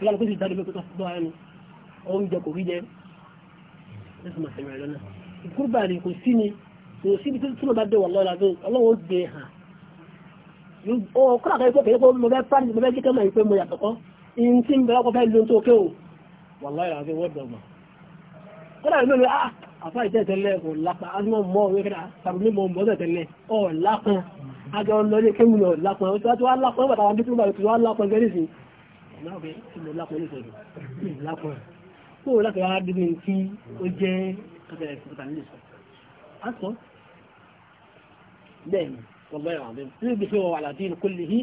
kí lálùkú sì dádúgbò tó tọ́ ẹnu oúnjẹ kò rí jẹ lẹ́sùn máa tẹ̀rẹ̀ lọ́nà ìkúrbà ni kò sí ni kò sí ibi tí wọ́n bá dé wà lọ́la tó ọlọ́wọ́ gbé hàn kọ́lá kan yóò pẹ̀lú pé mo fẹ́ pàdé mo fẹ́ kí kẹ́mọ̀ ìpé mo yàtọ̀ kọ́ in tí ń bẹ̀rẹ̀ ọkọ̀ fẹ́ lu tó ké o wà lọ́la tó wọ́n dọ̀gbà kọ́lá yóò lọ́la àfa ìtẹ́ tẹ́lẹ̀ kò lápá azumọ̀ mọ́ òwe kẹ́ta tàbí mímọ́ mọ́ tẹ́lẹ̀ ọ̀ lápá ajọ́ lọ́lé kéwù lọ lápá ó ti wá lápá ó bàtà wọn bí tí wọ́n bá ti wá lápá gẹ́rì sí i náà bẹ tí mo lápọn ní ìṣòro mi lápọn kó o láti wá dín ní tí ó jẹ́ kẹfẹ́rẹ́ sí ìtàn nílùú sọ. a sọ bẹ́ẹ̀ ni wọ́n bá yàrá bẹ́ẹ̀ ní ibi tí wọ́n wà láti ní kúlì yìí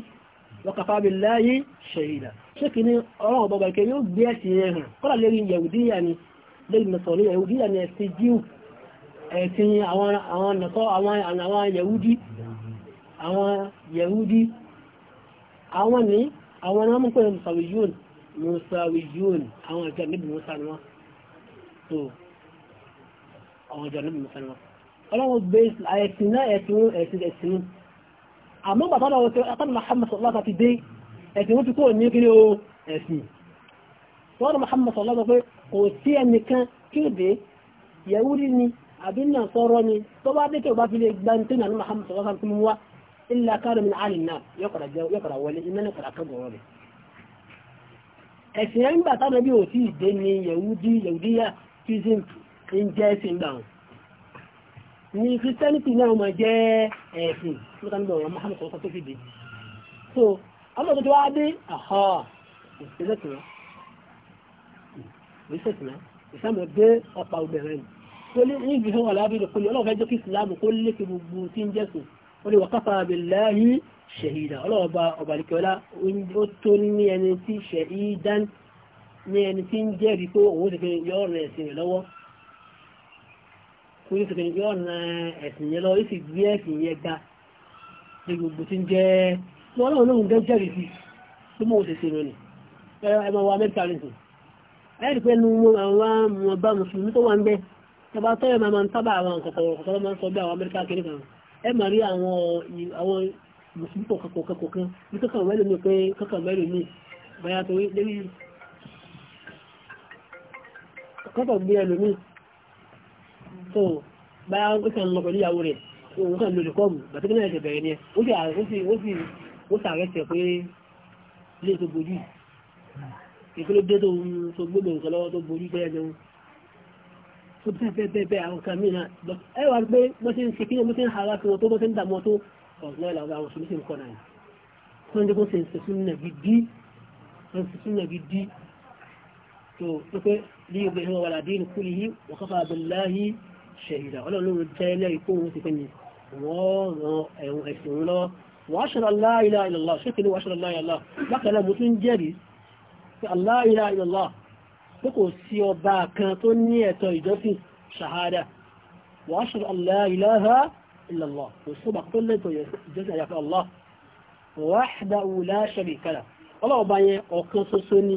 wọ́n kàfà bí láyé ṣèyídà ṣé kì ní ọ̀rọ̀ ọ̀bọ̀ bàkẹ́ yóò gbé ẹ̀sìn rẹ̀ kọ́lá lórí yahudiyya ni lórí nasọ̀rí yahudiyya ni ẹ̀sìn jíù ẹ̀sìn àwọn yahudi àwọn yahudi àwọn ni àwọn ọmọ pẹ̀lú musawiyun musawiyun àwọn ìjọ níbi musa ni wọ́n so àwọn ìjọ níbi musa ni wọ́n ọlọ́run gbé ẹ̀sìn náà ẹ̀sìn ẹ̀sìn ẹ̀sìn àmọ́ bàbá náà wọ́n tẹ́ akọ́nà Muhammad sallallahu alaihi dé ẹ̀sìn wọ́n ti kúrò ní kíní o ẹ̀sìn wọ́n Muhammad sallallahu alaihi pé kò sí ẹnìkan kéde yẹwúrí ni àbí náà ni tó bá dé kí o bá fi Muhammad sallallahu alaihi إلا كانوا من عالي النار يقرأ جو يقرأ ولي إننا نقرأ كبه ولي ẹ̀sìn ẹ̀yìn bàtà nàbí ò tí ìdé ni yẹ̀wúdí yẹ̀wúdíyà tíṣìn ń jẹ́ ẹ̀sìn gbà wọn ni christianity náà ma jẹ́ ẹ̀sìn nígbà nígbà wọn mahamud kọ́kọ́ tó fi dé so ọmọ tó tó wá dé àhọ́ ìṣẹ́sẹ̀tìmá ìṣẹ́sẹ̀tìmá ìṣàmọ̀ dé ọ̀pá obìnrin tó ní ìbí wà lábí ìdókòlì ọlọ́fẹ́ jẹ́ ìsìlámù kó lé wọ́n ni wa kafa billahi ṣẹ̀hìdà ọlọ́ọ̀bá ọ̀bàlìkọ́lá ó tó ní ẹni tí ṣẹ̀hìdán ní ẹni tí ń jẹ́rìí pé òun ti fi yọ́ ọ̀rọ̀ ẹ̀sìn rẹ̀ lọ́wọ́ kó yóò ti fi yọ́ ọ̀rọ̀ ẹ̀sìn yẹn lọ́wọ́ yóò sì gbé ẹ̀sìn yẹn ga ní gbogbo tí ń jẹ́ ọlọ́run lóhun gẹ́ jẹ́rìí sí tó mọ̀ òṣèṣe rẹ̀ ni ẹmọ ẹ máa rí àwọn àwọn mùsùlùmí kọ̀kọ̀kọ̀kan ní kọ́kàn mẹ́lò ní pé kọ́kàn mẹ́lò ní báyá tó rí lórí kọ́kọ̀ gbé ẹlòmí tó báyá ó kàn lọ pẹ̀lú ìyàwó rẹ̀ òun kàn lòlù kọ́ọ̀mù bàtíkì náà ẹ̀ṣẹ̀ bẹ̀rẹ̀ ni ó sàrẹ́ tẹ̀ pé ilé tó bojú ìpínlẹ̀ dé tó gbogbo nǹkan lọ́wọ́ tó bojú bẹ́ẹ̀ jẹun tó bẹ́ẹ̀ bẹ́ẹ̀ bẹ́ẹ̀ àwọn kan mìíràn ẹ wà pé bó ṣe ń ṣe kíni bó ṣe ń hara kí wọn tó bó ṣe ń dààmú tó ọ̀gbọ́n ẹ̀ làwọn àwọn òṣèlú kọ́ náà tó ń jẹ́ ṣe ń náà gidi ń ṣẹ̀sùn náà gidi tó tó pé bí ibi ìhìn wàlá dín kú yìí wọ́n kọ́kọ́ abẹ́láyé ṣẹ̀yìdà ọlọ́run jẹ́ ikú wọ́n ran pé kò sí ọba kan tó ní ẹ̀tọ́ ìjọsìn ṣàhádà wa ashhadu an la ilaha illa Allah kò sí ọba tó lẹ́tọ̀ ìjọsìn àyàfi Allah wahdahu la sharika lah ọlọ́ọ̀bá yẹn ọ̀kan ṣoṣo ni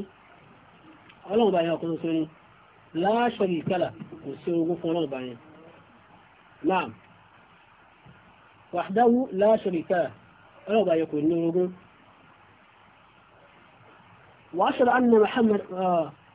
ọlọ́ọ̀bá yẹn ọ̀kan ṣoṣo ni la sharika lah kò sí ogún fún ọlọ́ọ̀bá wa ashhadu anna Muhammad ah,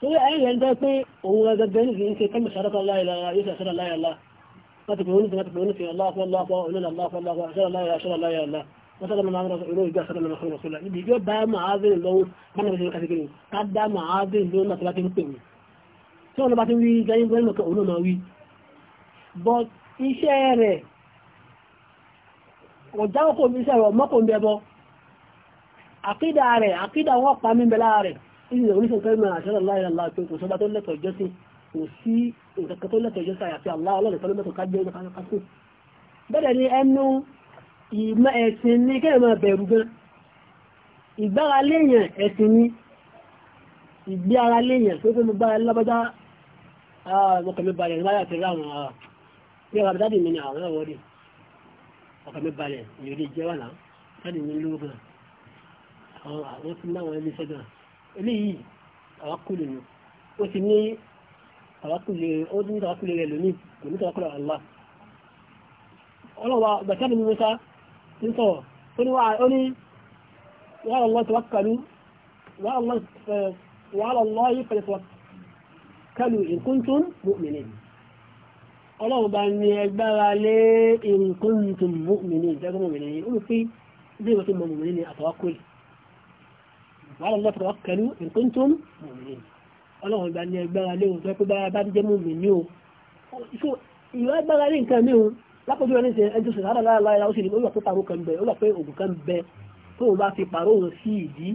torí ayé yẹn jẹ́ pé òun gẹ́gẹ́ ní kìí ṣe kẹ́mì ṣàrọ́kọ̀ láìlára yóò ṣe àṣírà láìlára láti pè oníṣẹ́ láti pè oníṣẹ́ aláàpọ̀ aláàpọ̀ olóòlà aláàpọ̀ aláàpọ̀ àṣírà láìlára àṣírà láìlára وسلم على رسول الله صلى الله عليه وسلم دي جو با معاذ ما نبي كذا كده قد معاذ لو ما تبعتين كده سو انا بعتين وي جاي بقول ما وي but iṣẹ́ rẹ̀ ọjà kò mi ṣe ro mo kò nbe bo akida rẹ̀ akida wọn ìrìnà oníṣẹ́ kẹ́rìmọ̀ àṣẹ́rẹ̀ láìláà pé kò sọ́bá tó lẹ́tọ̀ ìjọsìn kò sí nǹkan tó lẹ́tọ̀ ìjọsìn àyàfi Allah ọlọ́rẹ̀ tó lẹ́tọ̀ kájẹ́ ọjọ́ kájọ́kásí bẹ́ẹ̀ ni ẹnu ẹ̀sìn ní kẹ́rìmọ̀ bẹ̀rù gan ìgbára léèyàn ẹ̀sìn ni ìgbé ara léèyàn tó fẹ́ mo gbára lábọ́já ọkọ̀mí balẹ̀ láyà ti ráwọn ara pé ọ̀rọ̀ dáàdì mi ni àwọn ọ̀rọ̀ jẹ́ wà náà dáàdì eléyìí tàwákùlù ni ó sì ní tàwákùlù ó ní tàwákùlù rẹ̀ lónìí kò ní tàwákùlù àlá ọlọ́wà gbàtàbí mi sá ń sọ̀rọ̀ ó ní wàhálà Allah tawakkalu wàhálà Allah yìí pẹ̀lú tawakkalu in kuntum mu'minin ọlọ́run bá ní ẹgbára lé in kuntum jẹ́gbọ́n mọ̀mìnì ó fi bí ìwọ̀n tó mọ̀mìnì ni wàhálà lọ́wọ́ tó wọ́kẹ̀lú ìkúntún ọlọ́run ìgbà ní ẹgbẹ́ra léwu tó pé bára bá jẹ́ mùmí ní o ìwà ẹgbẹ́ra lé nǹkan mí o lápòjú ẹni sẹ ẹjọ́ sọ sáadà lára lára ó sì ní ó yọ pé pàrọ̀ kan bẹ ó yọ pé ògùn kan bẹ tó o bá fi pàrọ̀ òun sí ìdí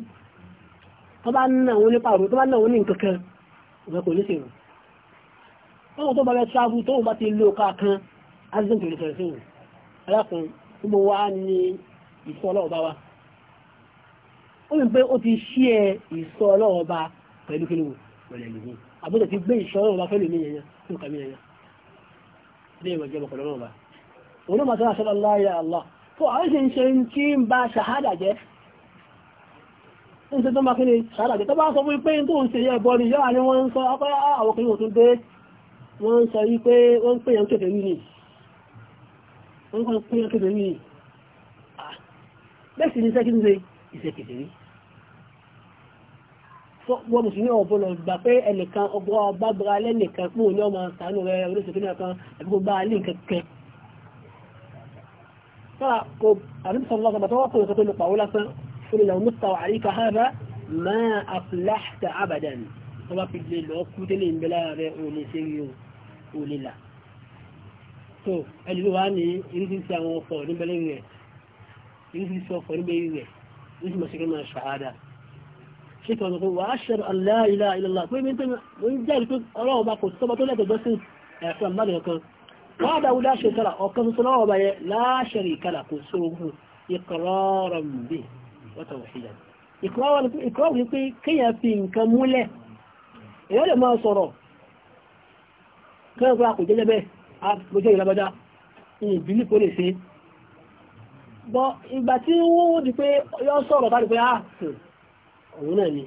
tó bá ná òun ní pàrọ̀ tó bá ná òun ní nǹkan kan òun kò ní ó yẹ ó ti ṣí ẹ ọba pẹ̀lú kí ni wò pẹ̀lú ẹ̀mí yìí àbúrò ti gbé ọba fẹ́lẹ̀ mí yẹn yẹn kàmí yẹn yẹn ìwọ̀n jẹ́ ọkọ̀ ọba òun náà máa sọ́nà láyé àlọ́ tó àwọn ìṣe ń tí ń ba ṣàhádà jẹ́ ń ṣe tó máa kí ni ṣàhádà jẹ́ tó bá sọ fún pé tó ń ṣe yẹ bọ́ ni yọ́wà ni wọ́n ń sọ ah, ah, ọpẹ́ iṣẹ́ kékeré wọ́n mùsùlùmí ọ̀bọ̀n lọ gbà pé ẹnìkan ọgbọ́ bábára lẹ́nìkan pò ní ọmọ sàánù rẹ olóṣèlú náà kan ẹgbẹ́ bá alé kẹkẹ sára kò àríbísọ̀ lọ́gbà bàtọ́ wọ́n sí àwọn ọkọ̀ níbẹ̀lẹ́ rẹ̀ irisisi ọkọ̀ níbẹ̀lẹ́ rẹ̀ níbi mọ̀ sí kí máa ṣàádà ṣe kí ọ̀nà pé wà á ṣẹ̀rọ aláìlá ìlàlá pé mi ń jẹ́rìí pé ọlọ́wọ́ bá kò sọ́ba tó lẹ́tọ̀ọ́ gbọ́sìn ẹ̀fẹ́ mọ́nà ọ̀kan wọ́n dáwọ́ láṣẹ kala ọ̀kan tuntun lọ́wọ́ bá yẹ láṣẹ rí kala kò sóògùn ìkọ̀rọ̀rọ̀ mbí wọ́tọ̀ wọ̀ṣíyà ìkọ̀rọ̀ wí pé kéèyàn fi nǹkan múlẹ̀ èèyàn lè máa sọ̀rọ̀ kẹ́ẹ̀kọ́ àkójẹ́jẹ́ bẹ́ẹ̀ àkójẹ́ ìlàbájá ìbílí kò lè ṣe bọ́ ìgbà tí wọ́n di pé yọ́ sọ̀rọ̀ bá pé ààtù òun náà ni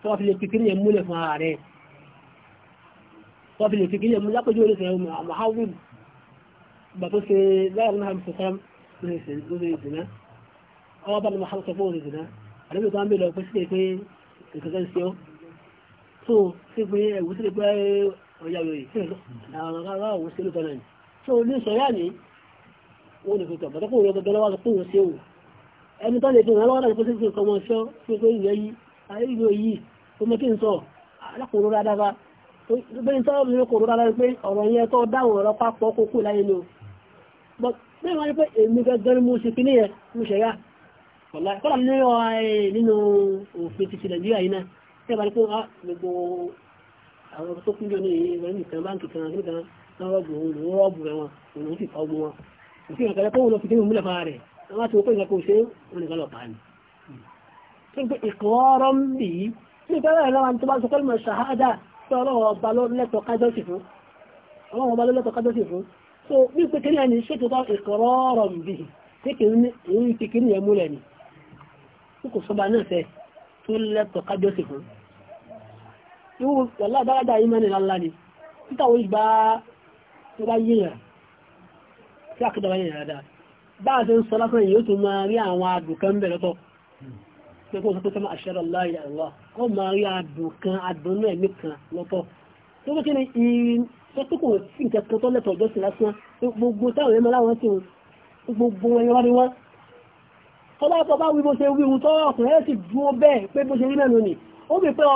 tó wá fi lè kìkiri yẹn múlẹ̀ fún ara rẹ̀ tó fi lè kìkiri yẹn múlẹ̀ lápẹjú orí sẹ́yìn mahawib bà tó ṣe láàrín náà fi sẹ́m lórí ìdìná ọwọ́ bá ní mahawib sọ fún orí ìdìná àdébí tó ń bèèrè pé sílẹ̀ pé ìkẹ́kẹ́ sí ọ́ tó sí pé wọ́n lè fi tọ̀ bàtọ́ kò gbogbo lọ́wọ́ pé wọ́n ṣe ẹni tó lè fi ràn lọ́wọ́ láti pèsè ọmọ ṣọ́ fún pé yìí ayélujára yìí tó mọ sọ alákòóró dáadáa ọ̀rọ̀ yẹn tó dáhùn ọ̀rọ̀ papọ̀ kókó láyé ni o òsì ìrìnkàlẹ̀ tó wọ́n lọ fi dé ìmúlẹ̀ fara rẹ̀ wọ́n á ti wọ́pẹ́ ìgbàkó ṣe wọ́n nìkan lọ pàánì tí pé ìkọ̀ọ́rọ̀ ń bì í tí ìpẹ́rẹ́ rẹ̀ tó bá sọ kọ́lùmọ̀ ṣàhádà tó ọba ló lẹ́tọ̀ọ́ so bí pé tí kì ni tí kò sọba náà fẹ́ tó lẹ́tọ̀ọ́ kájọ́sì fún irú wàlá dáadáa yìí mẹ́rin lálá ni títàwọ́ ìgbà tó bá yíyàn sí àkídàwà yẹn dáadáa bá a ṣe ń sọ lásán yìí ó tún máa rí àwọn adùnkan ń bẹ̀rẹ̀ tọ́ pé kó sọ pé sọ́mọ́ àṣẹ́rọ̀ láìlà ìwà ó máa rí adùnkan adùnú ẹ̀mí kan lọ́tọ̀ tó kí ni ìrìn tó tó kò sí nǹkan kan tó lẹ́tọ̀ọ́ ọjọ́ sí lásán gbogbo táwọn ẹ̀mọ́ láwọn sí gbogbo ẹ̀yọ́ wá ní wọ́n tó bá kọ́ bá wí bó ṣe wí ohun tó ọkùnrin ẹ̀ sì dúró bẹ́ẹ̀ pé bó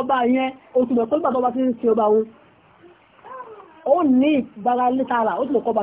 ọba yẹn oṣù mẹ́kọ́ nígbà bá ti ń sin ọba òun ó ní ìbára létara ó sì mọ̀ kọ́ ọba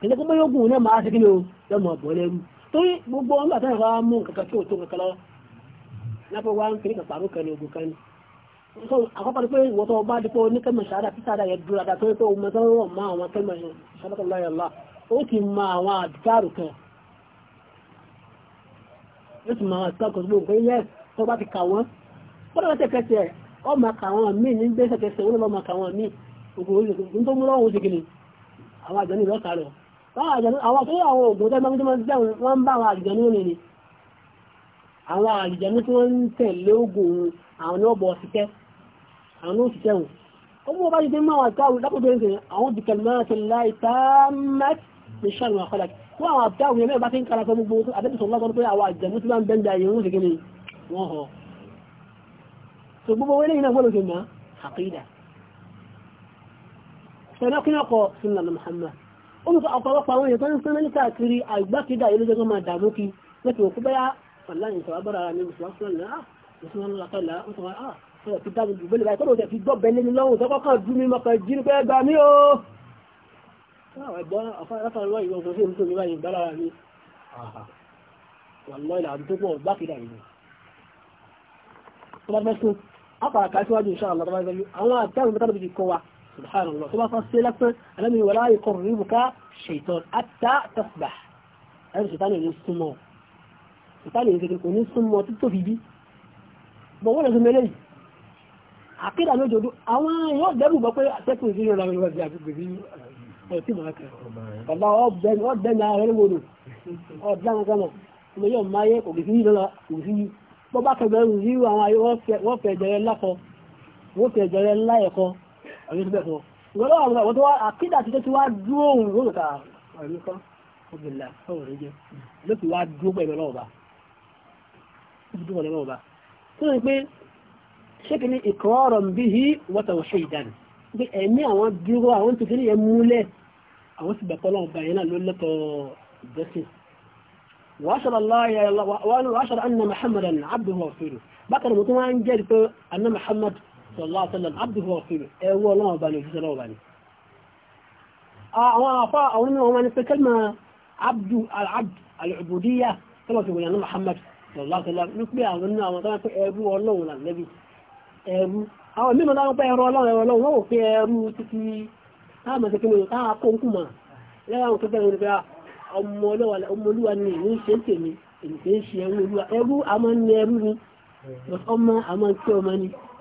kìí kó bóyá ogun náà máa ṣe kí ni o lọ́mọ ọ̀bọ̀ lẹ́rú torí gbogbo ọmọ àtàrà wa mú kankan tí ò tó kankan lọ lápò wa ń kiri kan pàrọ̀ kan ní ogun kan ní. so àkọ́kọ́ ni pé ìwọ tó bá di pé oníkẹ́mọ̀ ṣáadà tí sáadà yẹn dúró àdàtọ́ pé ọmọ tó rọ̀ mọ́ àwọn kẹ́mọ̀ yẹn ṣáadà láyà lá ó ti mọ àwọn àdìkárù kan ó ti mọ àwọn àdìkárù kan gbogbo pé yẹ tó bá ti kà wọ́n ó lọ́wọ́ tẹ̀kẹ́sẹ̀ ọmọ kàwọn míì ní gbẹ́sẹ̀kẹsẹ̀ ó lọ́wọ́ kàwọn míì ògùn tó mú lọ́wọ́ ó ti kìnnì àwọn àjọ ní àwọn tó àwọn ògùn tẹ́gbọ́n tó máa jẹun wọ́n ń bá àwọn àjẹ̀nú ní ni àwọn àjẹ̀nú tí wọ́n ń tẹ̀lé ògùn àwọn ọbọ̀ ọ̀sìkẹ́ àwọn òṣìṣẹ́hùn ọmọ ọba jẹ́ máa wà táwù lápòdó ìsìn àwọn dìkẹ̀lì máa ti láì tààmẹ́t ní ṣàrùn àkọlà tí wọ́n àwọn àbdáwù yẹn mẹ́rin bá fi ń kára fún gbogbo àbẹ́bùsọ̀ lọ́gbọ́n pé àwọn àjẹ̀mú tí wọ́n ń ọ̀pọ̀lọpọ̀ àwọn èèyàn tó ń fẹ́ mẹ́lí káàkiri àìgbákidà yìí ló jẹ́ kó máa dààmú kí wọ́n ti òkú bẹ́yà ọ̀láyìn ìṣọ̀rọ̀ bára ara ní mùsùlùmí mùsùlùmí látọ̀lá mùsùlùmí ah ọ̀rọ̀ ah, ti dábìlì gbẹ́lẹ̀ báyìí kọ́dọ̀ ti gbọ́ bẹ́lẹ̀ ní lọ́wọ́ tọ́kọ́ kan dún mi mọ́kàn jí ní pé gbà mí o. Ah, ẹ̀gbọ́n afárẹ́fàrẹ́ wọ́n ìwọ̀n fún mi báyìí gbá lára mi wọ́n lọ́ ìlà àdúgbò pọ̀ gbákidà yìí. tó bá fẹ́ sún apàkà síwájú ìṣàlọ́ tó bá fẹ́ sún àwọn àtẹ́rùn subhanallah tó bá sọ sí lẹ́pẹ́ alámi wọlá ikọ̀ ríbuka ṣètọ́n àtà tasbà ẹ̀rù ṣètánì ní súnmọ́ ṣètánì ní kékeré kò ní súnmọ́ tó tó fi bí bọ̀ wọ́n lè fi mẹ́lẹ́ yìí àkídà ní òjòdó àwọn yóò dẹ́rù gbọ́ pé atẹ́kùn ìdílé ọ̀la ìwà ìgbà gbègbè bí ọtí màá kẹ́ bàbá ọ̀bẹ́ni ara rẹ̀ wòlò ọ̀dá wọn kánà ọmọ yóò máa yẹ kò gbèsè yìí lọ́la kò sí yìí bọ́ bá kẹgbẹ̀rún yìí àwọn ayé wọ́n fẹ́ jẹrẹ ńlá kọ wọ́n fẹ́ jẹrẹ ńlá ẹ̀kọ́ àbí ìbẹ̀ tó wọ́n lọ́wọ́ àwọn tó wá àkídà ti tó ti wá dúró òun ló lọ́ta ọ̀rẹ́ kan obìnrin láwọn rẹ̀ jẹ́ ló ti wá dúró pẹ̀lú ọlọ́wọ́ bá dúró pẹ̀lú ọlọ́wọ́ bá tó ń pé ṣékì ní ìkọ́rọ̀ bí i wọ́ta ọ̀ṣẹ́ ìdánì pé ẹ̀mí àwọn dúró àwọn tó kéré yẹn múlẹ̀ àwọn sì bẹ̀kọ́ lọ́wọ́ bá yẹn náà ló lẹ́tọ̀ọ́ ìjọsìn وأشهد الله وأشهد أن محمدا عبده ورسوله بكر متوان جد أن محمد sallallahu alaihi wasallam abduhu wa rasuluhu ẹwọ ọlọ́run ọba ni òjíṣẹ́ ọlọ́run ọba ni àwọn afá àwọn onímọ̀ wọn ni pé kẹ́lmà abdu al-abd al-ubudiyya tọ́lọ̀ ti wòyàn muhammad sallallahu alaihi wasallam ní pé àwọn nínú àwọn tọ́lọ̀ pé ẹrú ọlọ́run là lẹ́bi ẹrú àwọn mímọ̀ náà pé ẹrú ọlọ́run ẹrú ọlọ́run wọ́n wò pé ẹrú títí táwọn mọ̀ sí kí ni táwọn akóńkù ah, ọmọ àmọ́ ní ẹrú ni ọmọ àmọ́ tí ọmọ ni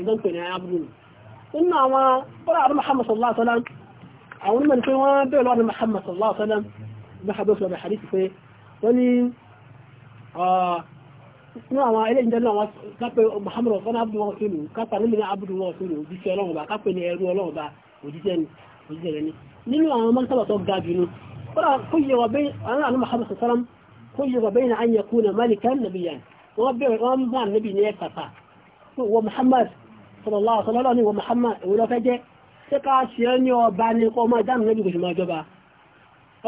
ìgbọ́n pè ní abúlù nínú àwọn bọ́lá àrùn Muhammad sallallahu alaihi wasallam àwọn onímọ̀ pé wọ́n bẹ̀rẹ̀ lọ́wọ́ ní Muhammad sallallahu alaihi wasallam bí ha bẹ́ẹ̀ sọ̀rọ̀ hadith pé wọ́n ní ah, nínú àwọn ilé ìjẹ́ náà wọ́n kápẹ́ Muhammad ọ̀fọ́n abúlù wọn sílù kápẹ́ nínú abúlù wọn sílù òjíṣẹ́ ọlọ́run ọba kápẹ́ kó yẹ wà bẹ́ẹ̀ àwọn àrùn Muhammad yẹ wà bẹ́ẹ̀ malikan nabiyyan wọ́n bẹ̀rẹ̀ wọ́n bá nàbì ní ẹ̀ kàkà wọ́n Muhammad sallallahu alaihi wasallam ní ìwọ Muhammad ìwọ ló fẹ́ jẹ́ ṣé ká ṣe é ní ọba ní kọ́ ọmọ ìdáàmú lẹ́bí kò sì máa jọba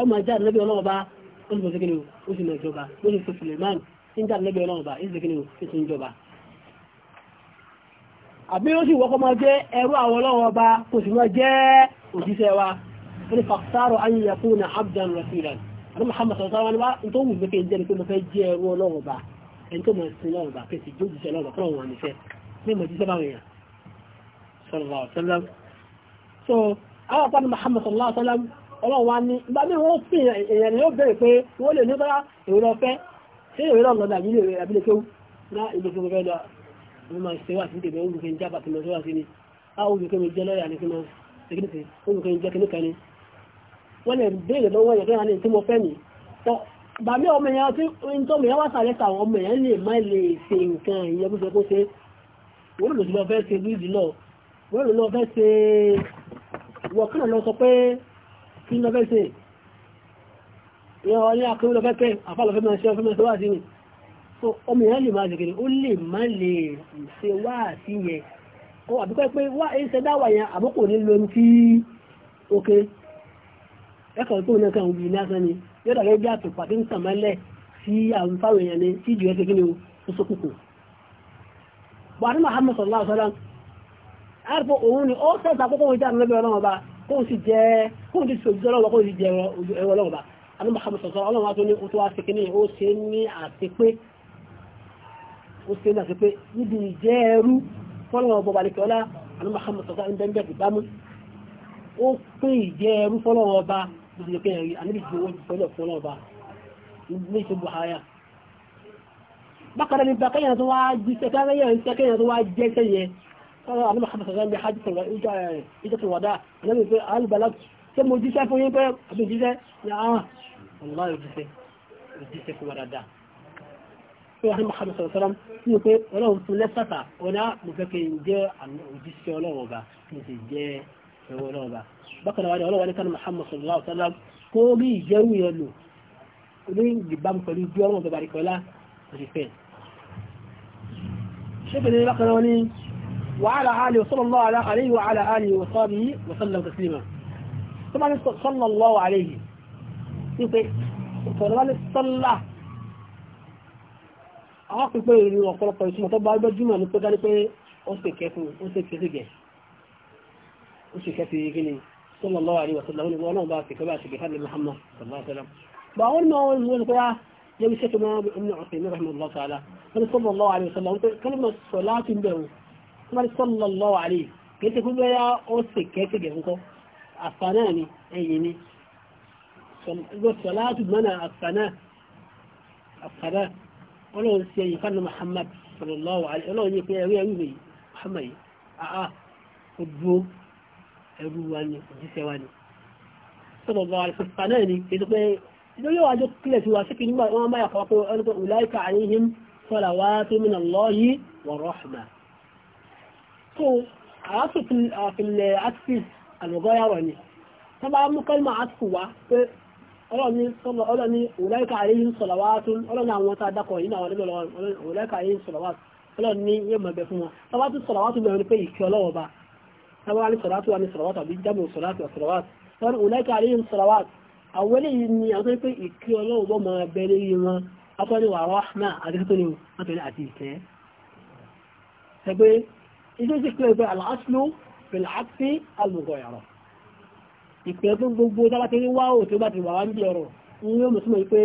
ọmọ ìdáàmú lẹ́bí ọlọ́ọ̀ba ó sì mọ̀síkí ni ó sì máa jọba ó sì fi Suleiman ń dáàmú lẹ́bí ọlọ́ọ̀ba ó sì fi ń jọba. àbí ó sì wọ́kọ́ máa jẹ́ ẹrú àwọn ọlọ́ọ̀ba kò sì máa jẹ́ òjíṣẹ́ wa ó ní fàkítàrọ̀ an yakuna abdan rasulan àbí Muhammad sallallahu alaihi wasallam tó wù mí mọ̀ sí ọlọ́ọ̀ba sallallahu alaihi wasallam so àwọn Muhammad sallallahu alaihi wasallam ọlọ́run wa ní ìgbà mí wọ́n fi èèyàn yóò bẹ̀rẹ̀ pé wọ́n lè ní bá èrò lọ fẹ́ ṣé èrò lọ lọ́dà yìí lè abilé kéwú ná ìlú fún fẹ́ lọ wọ́n máa ṣe wà sí ìdèbẹ̀ olùkè ń jábà tó lọ sí wà sí ni a olùkè mi jẹ́ lọ́yà ní kí wọ́n ṣèkìtì olùkè ń jẹ́ kí nìkan ni wọ́n lè béèrè lọ́wọ́ yẹn kí tí mo fẹ́ ni tọ́ bà mí ọmọ èèyàn tí ń tọ́ mìíràn wà sàlẹ̀ sàwọn ọmọ èèyàn lè má lè ṣe nǹkan ìyẹn bó ṣe kó ṣe wọ́n lè lọ fẹ́ ṣe lóìdí náà wọ́n lò lọ fẹ́ ṣe wọ̀kánà lọ sọ pé kí lọ fẹ́ ṣe ìyọ̀ọ̀lẹ́ akẹ́wọ́ lọ fẹ́ pẹ́ àfàlọ́fẹ́ máa ṣe ọfẹ́ máa ṣe wá sí ni so ọmọ ìyá lè máa ṣèkèrè ó lè má lè ṣe wá sí yẹn ó àbíkọ́ pé wá ń ṣe dáwà yẹn àbúkò ní lóun tí ókè ẹ̀kọ́ tó náà kàn wí lásán ni yóò dàgẹ́ bí àtùpà tí ń tàn mọ́lẹ̀ sí àwọn fáwọn èèyàn ní tí ìjọ ẹ̀ ṣe kí ni ó sókùnkùn. buhari muhammad sallallahu alaihi àrùpọ̀ òun ni ó sẹ́ta kókó wọn jẹ́ àmì ọlọ́wọ́ bá kóhun sì jẹ́ kóhun ti sòjú ọlọ́wọ́ kóhun sì jẹ́ ẹwọ ọlọ́wọ́ bá anú bá kàmùsọ̀ sọ ọlọ́wọ́ tó ní oṣù àfikíní ó ṣe ní àtipé ó ṣe ní àtipé níbi ìjẹ́ ẹrú fọlọ́wọ́ bọ̀ balẹ̀ kọ́lá anú bá kàmùsọ̀ sọ ẹni bẹ́ẹ̀ ó pín ìjẹ́ ẹrú bá bákan náà ní tó wá sọ́rọ̀ àwọn Muhammad sọ́rọ̀ bí hajj sọ̀rọ̀ ìjọ tó wàdá lẹ́nu pé albalat tó mo jíṣẹ́ fún yín pé àbí jíṣẹ́ ní àwọn ọlọ́ ìjíṣẹ́ ìjíṣẹ́ fún wàdá pé wọ́n Muhammad sọ̀rọ̀ sọ́rọ̀ ní pé ọlọ́run fún وعلى آله وصلى الله عليه وعلى آله وصحبه وسلم تسليما ثم صلى الله عليه فرغان صلى أعطي فيه لي وقلقه ثم طبع البجمع نتقال فيه أسكي كيفو أسكي كيفي أسكي كيفي يقني صلى الله عليه وسلم وانا باسي كباسي بحر محمد صلى الله عليه وسلم باول ما أول مولي فيها يوشك ما بأمن عصيم رحمه الله تعالى فلصلى الله عليه وسلم كلمة صلاة به somebody sallallahu alayhi kéte fún bẹ́yà ó sì kẹ́kẹ́gẹ̀ ńkọ́ àfànà ni ẹ̀yìn ni sọ̀látù mọ́nà àfànà àfànà ọlọ́run sí ẹ̀yìn fánà Muhammad sallallahu alayhi ọlọ́run yẹ pé ẹ̀rí ẹ̀rí rẹ̀ Muhammad àá ó dúró ẹrú wa ni òjíṣẹ́ wa ni sallallahu alayhi àfànà ni kéte pé yóò wájú kílẹ̀ sí so àátù àfilẹ̀ àti àlùgọ́yàwọ̀ ni tó bá mú kọ́lmà àtù wá pé ọlọ́ni òláìka àríyìn sọ̀làwátún ọlọ́ni àwọn tá a dákọ̀ yìí náà wọ́n òláìka àríyìn sọ̀làwátún ọlọ́ni ní yẹ́ mọ̀ ẹ̀bẹ̀ fún wọn tó bá tún sọ̀làwátún bẹ̀rẹ̀ pé ìkẹ́ ọlọ́wọ́ bá tó bá ní sọ̀làwátún wà ní sọ̀làwátún àbí jábọ̀ sọ̀làwátún sọ̀làwátún òláìka àríyìn sọ̀làwátún àwọn eléyìí ni àwọn tó ń pè ìkẹ́ ọlọ́wọ́ bọ́ mọ ẹbẹ̀ léyìí wọn atọ́ni wà rọ́ọ̀mà àti tó ní àti ìkẹ́ ẹgbẹ́ إذا sì pé al في fil المغيرة al-mughayara ìpẹ́ tó gbogbo dábà tí wá ò tó bá ti wà wá ń bí ọ̀rọ̀ ní yóò mú súnmọ́ pé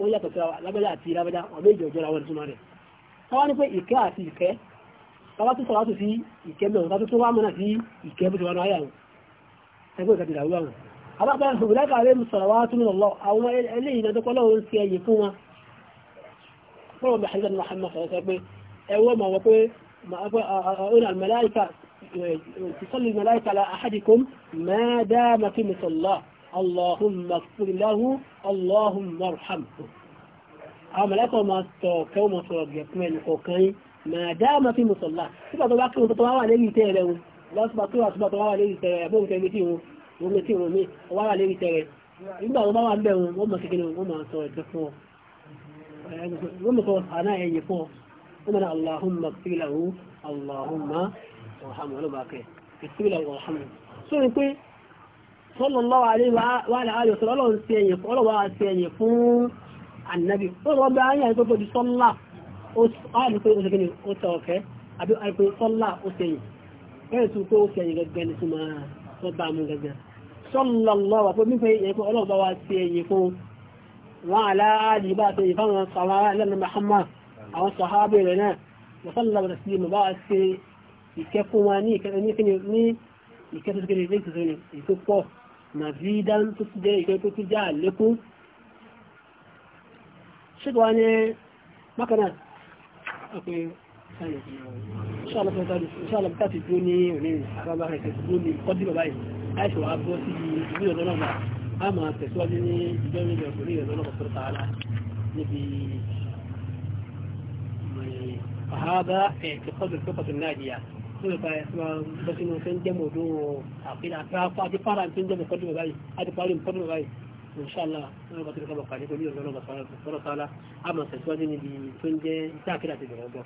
ó yàtọ̀ sí lábẹ́lá àti lábẹ́lá ọ̀bẹ ìjọ ìjọra wọn súnmọ́ rẹ̀ káwá ní pé ìkẹ́ àti ìkẹ́ káwá أقول الملائكة تصلي الملائكة على أحدكم ما دام في مصلاه اللهم اغفر له اللهم ارحمه الملائكة ما استوكوا ما ترجعكم الحقين ما دام في مصلاه سبا تباكي وتطوعوا عليه تيلو لا سبا تباكي وتطوعوا عليه تيلو كلمتين ومتين ومي وعلى عليه تيلو nígbà wọn bá وما ń وما wọ́n mọ̀ sí kí ni ọmọdé aláhùnmá fílàwó aláhùnmá ọ̀hánmá ọlọ́bàákẹ́ ìfílàwó ọ̀hánmá so ni pé sallallahu alaihi wa alihi wasallam ọlọ́run sí ẹ̀yìn fún ọlọ́wà sí ẹ̀yìn fún annabi ọlọ́wọ́ bá ayé àìkọ́ tó di sọ́lá ó àìkọ́ ó sì kí ni ó tọ̀ ọ̀kẹ́ àbí àìkọ́ sọ́lá ó sì ẹ̀yìn bẹ́ẹ̀ tún kó ó sì ẹ̀yìn gẹ́gẹ́ ní súnmọ́ tó bá mú gẹ́gẹ́ sallallahu àpò mífẹ́ ẹ̀yìn fún ọlọ́wọ́ bá wa sí ẹ̀yìn fún wọn aláàdì bá àti ẹ̀yìn fáwọn sàwọn alẹ́ àwọn sọ̀hábẹ̀ rẹ̀ náà mọ̀sánlá wọn sí mọ̀ bá a ṣe ìkẹ́kùn wa ní ìkẹ́kùn kéde ní ìtòsílẹ̀ ìtò pọ̀ na vidan tó ti jẹ́ ìkẹ́ tó ti jẹ́ àlékún ṣíkọ̀ wani makana ọkọ̀ ṣàlọ̀ tàbí tó ní òní àbábá rẹ̀ tẹ̀sí tó ní kọ́dí bàbá yìí láìṣọ́ abọ́ sí ìlú ọ̀dọ́lọ́gbà a máa tẹ̀síwájú ní ìjọ́ فهذا اعتقاد الفقه الناجية بس انه تنجم ودو عقيدة فاقرا ان تنجم مقدمة باي هذا ان مقدمة باي ان شاء الله انا بقدر كما قال يقول يرجع لنا صلاه الله تعالى اما سيسواني دي تنجي ساكنه في الموضوع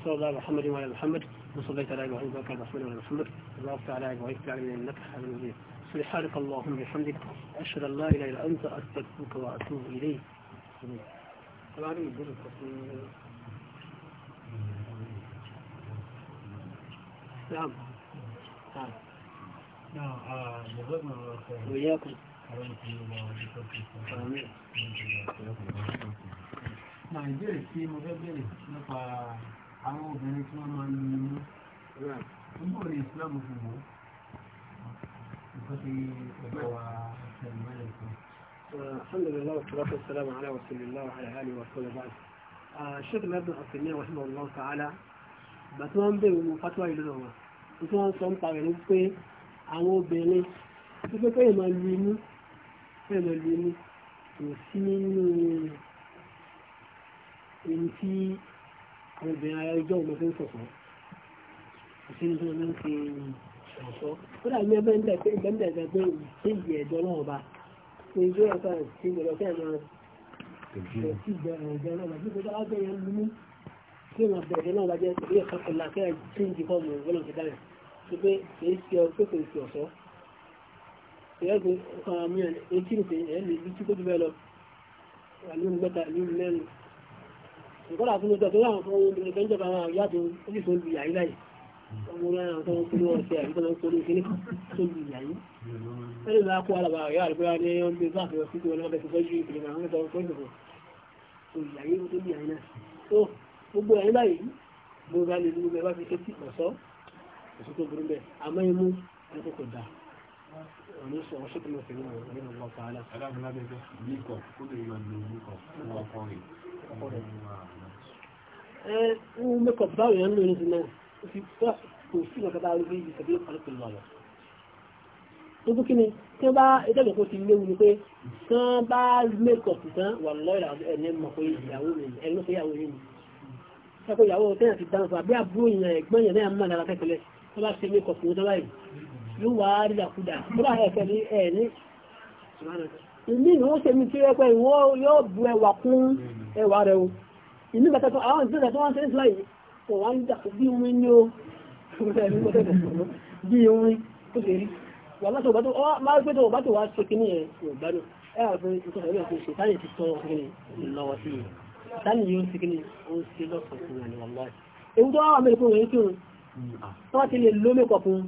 وصلى الله على محمد وعلى محمد وصليت على ابراهيم وبارك على محمد وعلى محمد الله وبارك على ابراهيم في العالمين انك حميد مجيد سبحانك اللهم وبحمدك اشهد ان لا اله الا انت استغفرك واتوب اليك. طبعا السلام نعم. نعم. نعم آه مغربنا الله خير وياكم أرمي في الله وبركاته أرمي نعم جيري في مغرب جيري نفع عمو بن إسلام عن نعم أمور الإسلام في مو نفتي أبوى سلم عليكم الحمد لله والصلاة والسلام على رسول الله وعلى آله وصحبه بعد آه، الشيخ ابن عثيمين رحمه الله تعالى بتوان به من فتوى يلدوه tí wọ́n sọ ń pa rẹ̀ pé àwọn obìnrin tó pé pé máa lu inú pé máa lu inú kò sí nínú èyí tí àwọn obìnrin ara ẹjọ́ ọmọ fi ń sọ̀tọ̀ kò sí nínú ọmọ fi ń sọ̀tọ̀ ó dàbí ẹgbẹ́ ń dẹ̀ pé ìgbẹ́ ń dẹ̀ gbẹ́ pé ìkéjì ẹ̀dọ́ náà bá pé ìjọ ẹ̀ka ìsinmi ọ̀dọ́ fẹ́ẹ̀ máa kò sí ìgbẹ́ ẹ̀dọ́ náà bá pé ìjọba á bẹ̀rẹ̀ lu kí wọn bẹ̀rẹ̀ náà wájẹ́ ilé ìkọkànlá kí tí ń di fọ́ọ̀mù ọlọ́run ti tó pé kìí ṣe ọ pé kò sí ọ̀ṣọ́ gbogbo ẹ̀yìn báyìí mo bá lè lúgbẹ́ bá fi ṣétí ọ̀sọ́ òsì tó burú bẹ́ẹ̀ àmọ́ imú ẹ̀kọ́ kò dáa òní sọ ọ́ ṣékùnmọ̀ sí ìwọ̀n ní ọgbà fàálà. aláàbùnà bẹ́ẹ̀ níkọ̀ kó lè yọ ní níkọ̀ fún ọkọ rẹ̀. ẹ ń mẹ́kọ̀ báwo yẹn ń lò ní sinmi kò sí ọ̀gá bá rí bí ìṣẹ̀bí ọ̀pọ̀lọpọ̀ lọ́yọ̀ gbogbo kí ni tí wọ́n bá ìtẹ́jọ̀ kó ti léwu ni pé tí bá mẹ́kọ̀ tán wà lọ́ọ̀rọ̀ ẹ̀ní mọ̀ pé ìyàwó mi ẹ̀lú pé ìyàwó mi ẹkọ ìyàwó tẹ́yàn ti dáná fún àbí àbúrò ìyàn ẹ̀gbọ́n yẹn náà mọ̀ lára kẹ́kẹ́lẹ́ tó bá ṣe mékọ̀ fún ọjọ́ báyìí ló wà á rí àkúdà tó bá ẹ̀kẹ́ ní ẹ̀ ní ìlú ìlú ó ṣe mi tí ẹgbẹ́ ìwọ́n yóò bu ẹwà kún ẹwà rẹ o ìlú ìgbà tó àwọn ìgbésẹ̀ tó wá ń ṣe nípa yìí kò wá ń dà bí wín ní o bí wín tó ṣe rí wà látò bá tó ọ máa gbé tó bá tó wá ṣe kíní ẹ̀ ìgbà náà ẹ̀ sáàlì yóò sí kíní ó sí lọ́sọ̀ fún wọn ni wọ́n lọ́ọ̀ ewu tó wà mẹ́rin fún wọn kí wọn tó wá ti lè ló mẹ́kọ̀ fún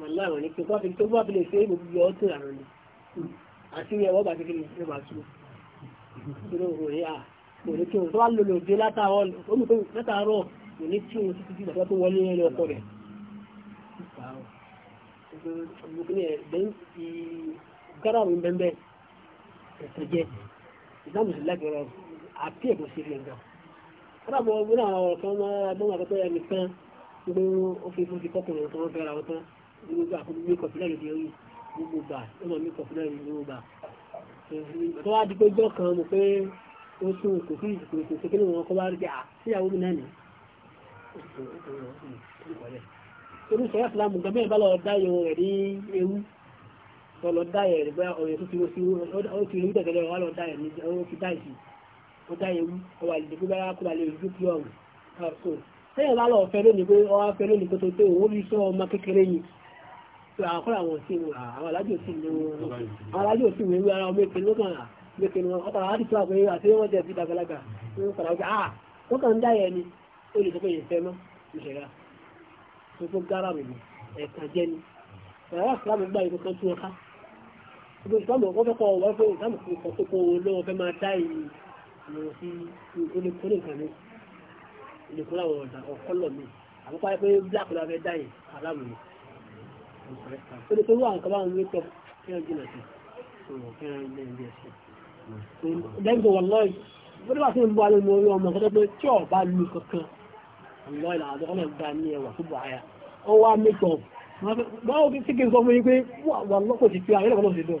wọn láwọn ní kí wọ́n fi tó wá fi lè ṣe é gbogbo yọ ọtún àrùn ni àti ẹ̀wọ́ bá ti kíní ló bá tú kíní òun ní à kò ní kí wọn tó wá lò lò dé látàárọ̀ kò ní tí wọn títí ìgbà tó wọlé ẹni bẹ́ẹ̀ bẹ́ẹ̀ ẹ̀sẹ̀ jẹ́ ìdáàmùsùn lágbẹ̀rẹ̀ ọ̀rọ̀ àti ẹ̀kọ́ sí ilé gan. alábọ̀ ọgbọ́n náà ọ̀rọ̀ kan máa agbọ́n àkọ́kọ́ ẹni kan gbogbo òfin fún ti kọkùnrin tó wọ́n fẹ́ra wọn tán gbogbo àkókò mékọ̀ọ̀fù náà lòdì orí gbogbo gbà ó mọ̀ mékọ̀ọ̀fù náà lòdì gbogbo gbà. tó wá di pé jọ́ kan mo pé ó sún kò sí ìsìnkú ìsìnkú kí ni wọn kọ́ bá rí bíà síyàwó mi náà nì. orúkọ yàtọ̀ láàmú gan bẹ́ẹ̀ bá lọ dá ìyẹn rẹ̀ ní ewu lọ dá ìyẹn rẹ̀ bá ọ̀rẹ́ tó ti rí tẹ̀tẹ̀lẹ̀ wà lọ dá ìyẹn ní ó ewu ọwà ìdìbò bá kó balẹ̀ ojú kí ọ̀rùn ah, so sẹ́yìn bá lọ fẹ́ lónìí pé ọwá fẹ́ lónìí kó tó pé òun rí sọ ọmọ kékeré yìí so àkọ́rọ̀ àwọn sí àwọn ah, àwọn alájò sí wẹ́wẹ́ ara ọmọ èké lókàn lókè ni wọn ọkọ̀ àwọn àdìsọ́ àpẹ́ àti wọ́n jẹ́ bí dàgbàlagbà wọ́n kọ̀ láwùjọ ah wọ́n kàn ń dá yẹn ni ó lè sọ yẹn fẹ́ mọ́ ìṣẹ̀ra tó tó gára mi ẹ̀ka jẹ́ ni ẹ̀rọ ìsìlámù gbà yìí kankan tún ọ̀ká ìsìlámù ọkọ̀ fẹ́ kọ́ wọ́n fẹ́ lọ sí olùkórè nǹkan mi olùkórè àwọn ọ̀dà ọ̀kọ́lọ̀ mi àbúkọ́ ayé pé black ló fẹ́ dáyìn aláàmù ni olùkórè àwọn kan báwọn wake up kí wọ́n jìnà sí kí wọ́n lè ní ẹ̀sìn. lẹ́yìn tó wọ́n lọ́ọ̀yì bó débà sí ń bọ́ alómi orí ọmọ kọ́tọ́ pé tí ọba lu kankan lọ́ọ̀yì làwọn ọ̀dọ́ náà gba ní ẹwà fún buhari ọwọ́ make up báwo kí kí n sọ fún yín pé wà lọ́kọ̀ sí pé ayé lọ́kọ̀ lọ́sẹ̀ dọ̀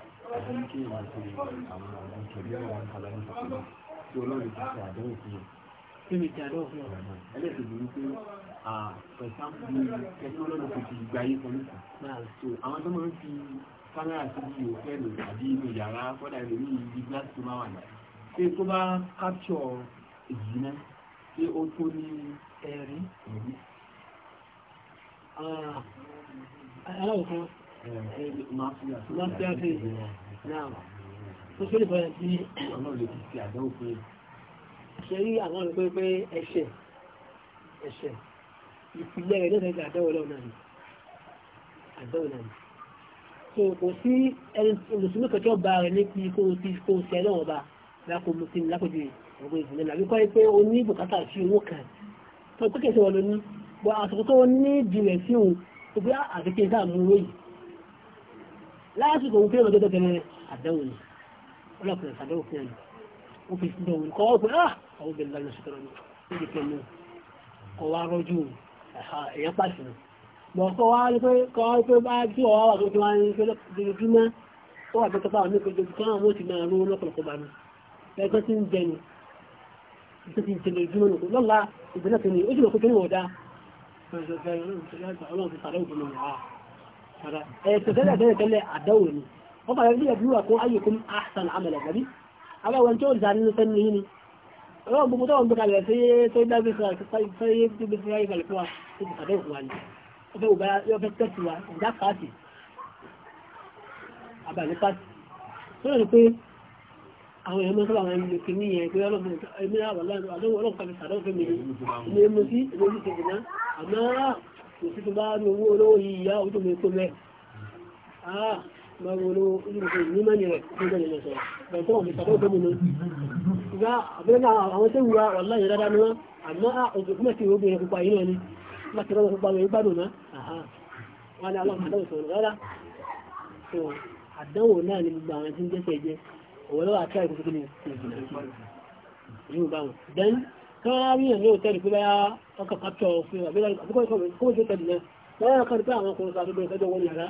àti kí ìwà ti àwọn ọmọ ìṣẹ̀lẹ̀ àwọn àlàyé ìṣẹ̀lẹ̀ tí ọlọ́run ti ṣe àdéhùn fún un. kí ni ti àdéhùn fún ọ̀rọ̀ ẹlẹ́sìn ní pé pẹ̀sán ní tẹkinọ́lọ́dún kò ti gba ayé kan náà so àwọn tó máa ń fi kámẹ́rà sí bí òfẹ́lò àbí inú yàrá kọ́dà ìlú ibi gíláàsì tó máa wà náà pé tó bá capture èyí náà pé ó tó ní ẹ̀rí. aláwọ̀ kan Mọ́sílẹ̀ náà, tó ṣe ni. Àdánwò So kò sí ẹni olùsúnmí kẹjọ bá rẹ̀ ní kí kó ti kó ṣe ẹlọ́wọ̀n bá lákò mú sí ní lápòjú kọ́ pé o ní bùkátà sí owó kan tó pé kẹsẹ̀ wọn ní ìjìnlẹ̀ lásìkò òun fẹ́ràn gẹ́gẹ́ gẹ́gẹ́ àdáwò ni ọlọ́pẹ̀rẹ̀ sàdáwò fún ẹni ó fi sí dọ̀wọ̀ kọ́ pé ah àwọn obìnrin lọ́nà sí tọ́rọ ní níbi pẹ̀lú kọ wá rọ́jú ẹ̀yà pàṣẹ bọ̀ kọ́ wá rí pé kọ́ wá rí pé bá jú ọwá wà tó ti wá ní pé lójoojúmọ́ ó wà pẹ́kẹ́ báwọn nípa ojú kan àwọn ti máa rú lọ́pọ̀lọpọ̀ bá mi ẹgbẹ́ tí ń jẹni tó ti jẹ lójoojúmọ́ nìkan lọ́la ìgbẹ́lẹ̀ tó ní ó sì lọ pé kí ẹ̀sẹ̀ tẹ́lẹ̀ tẹ́lẹ̀ tẹ́lẹ̀ àdáwò ni wọ́n bá rí ẹ̀bí wà kún ayyukum ahsan amala gari aláwọn tí ó dá nínú sẹ́nu yìí ni ọlọ́run gbogbo tó wọ́n gbé kalẹ̀ sí tó dá bí sọ àti fẹ́yẹ́ tó bí fẹ́yẹ́ kalẹ̀ fún wa tó ti sàdé òkú wa ni ó fẹ́ òbára yóò fẹ́ tẹ́tù wa ìdá pàtì àbàlẹ̀ pàtì tó rẹ̀ pé àwọn èèyàn mọ́sọ́lá àwọn ènìyàn kì kò sí tó bá rí owó olówó yìí ìyá ojú mi kó mẹ́ àá máa wo olówó ojú mi kó ní mẹ́rin rẹ̀ tó bẹ̀rẹ̀ lọ sọ̀rọ̀ bẹ̀rẹ̀ tó wọ̀n mi sàbọ̀ gómìnà ìgbà àbẹ́rẹ́ náà àwọn tó wura ọ̀la yẹn dáadáa ni wọ́n àmọ́ ògbómọ̀ tí obìnrin pupa yìí náà ni láti rọ́mọ pupa yẹn gbádùn náà wọn ni aláwọ̀ àdáwò sọ̀rọ̀ rárá so àdánwò náà ni gbogbo àwọn tí káàrí ẹ̀ ní òtẹ́lì pé báyá ọkà pàtó òfin àbíkọ́ ìkọ́ ìkọ́ ìkọ́ ìkọ́ ìkọ́ wọ́n kọ́ ní pé àwọn ọkùnrin sàdúgbò ìfẹ́jọ́ wọn yàrá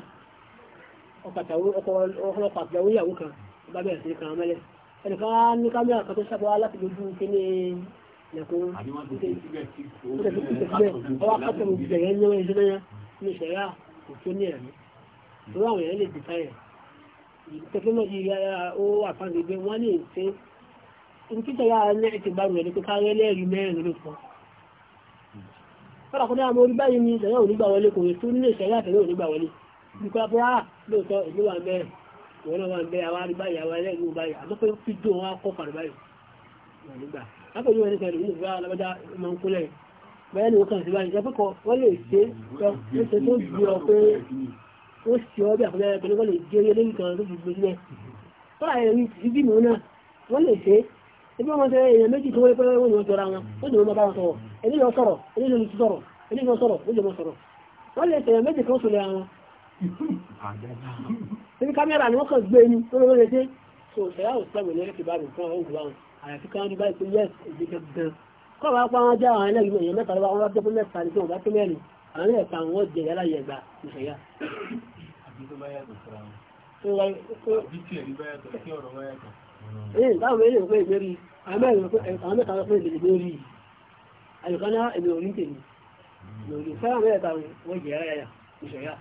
ọlọ́pàá àtìyàwó ìyàwó kan bá bẹ̀rẹ̀ sí kan mẹ́lẹ̀ ẹnìkan á ní kámẹ́rà kan tó ṣàbọ̀ láti lójú kíní lẹ́kún ọwọ́ akọ́tọ̀ mi bẹ̀rẹ̀ ní wọ́n ìṣẹ́ náà ní ìṣẹ̀yà kò tó ní ẹ̀mí tó àwọn èèyàn lè títẹ̀ yára ní ẹ̀tì bá rẹ̀ pé káàrẹ́ lẹ́rìí mẹ́rin ló fọ́ fọ́nàkúnlẹ́ àmọ́ orí báyìí ní ìṣẹ̀lẹ̀ onígbà wọlé kò rí tún ní ìṣẹ̀lẹ̀ àtẹ̀lẹ̀ onígbà wọlé nípa pé á ah, lóòótọ́ ìlú wa mẹ́rin wọn náà wà ń bẹ àwa rí báyìí àwa ẹlẹ́rìí ó báyìí àmọ́ pé fi dùn wọn kọ́ fàrí báyìí nígbà lápẹ̀lú ẹni sẹ́ni nínú ìgbà alábẹ́dá máa ń kúnlẹ̀ bẹ́ẹ̀ ni ó kàn sí báyìí ṣẹ́pẹ́kọ̀ wọ́n lè ṣe ebi wọn ṣe èèyàn méjì tó wọlé pẹ́lẹ́ wọn yóò jọra wọn ó jẹ́ bá wọn sọ̀rọ̀ èmi yóò sọ̀rọ̀ èmi yóò sọ̀rọ̀ èmi yóò sọ̀rọ̀ ó jẹ́ wọn sọ̀rọ̀ wọ́n lè ṣèèyàn méjì kan sọ̀rọ̀ àwọn. ebi kámẹ́rà ni wọ́n kàn gbé ni wọ́n lè ṣe so ṣẹ̀yà ò sẹ́wọ̀n ní ẹ̀rẹ́kì báyìí fún àwọn òǹkùnrin àyàfi ká ní báyìí pé yẹ́s èdè gangan kọ́ wa pa wọn já àwọn ẹlẹ́yìn èèyàn mẹ́ta lọ́wọ́ wọn dẹ́kun mẹ́ta ní tí wọ́n bá tó mẹ́rin àwọn ẹ̀ka àwọn jẹ yálà yẹ gbà àbí tó bá yàtọ̀ sí ọ̀rọ̀ bá ẹ̀yìn táwọn èèyàn pé ìgbérí àwọn mẹ́ta lọ pé ìgbérí àyùkáná èmi ò rí tèmi lórí fẹ́ràn mẹ́ta wọ́n jẹ́ ẹ̀yà ìṣẹ̀yà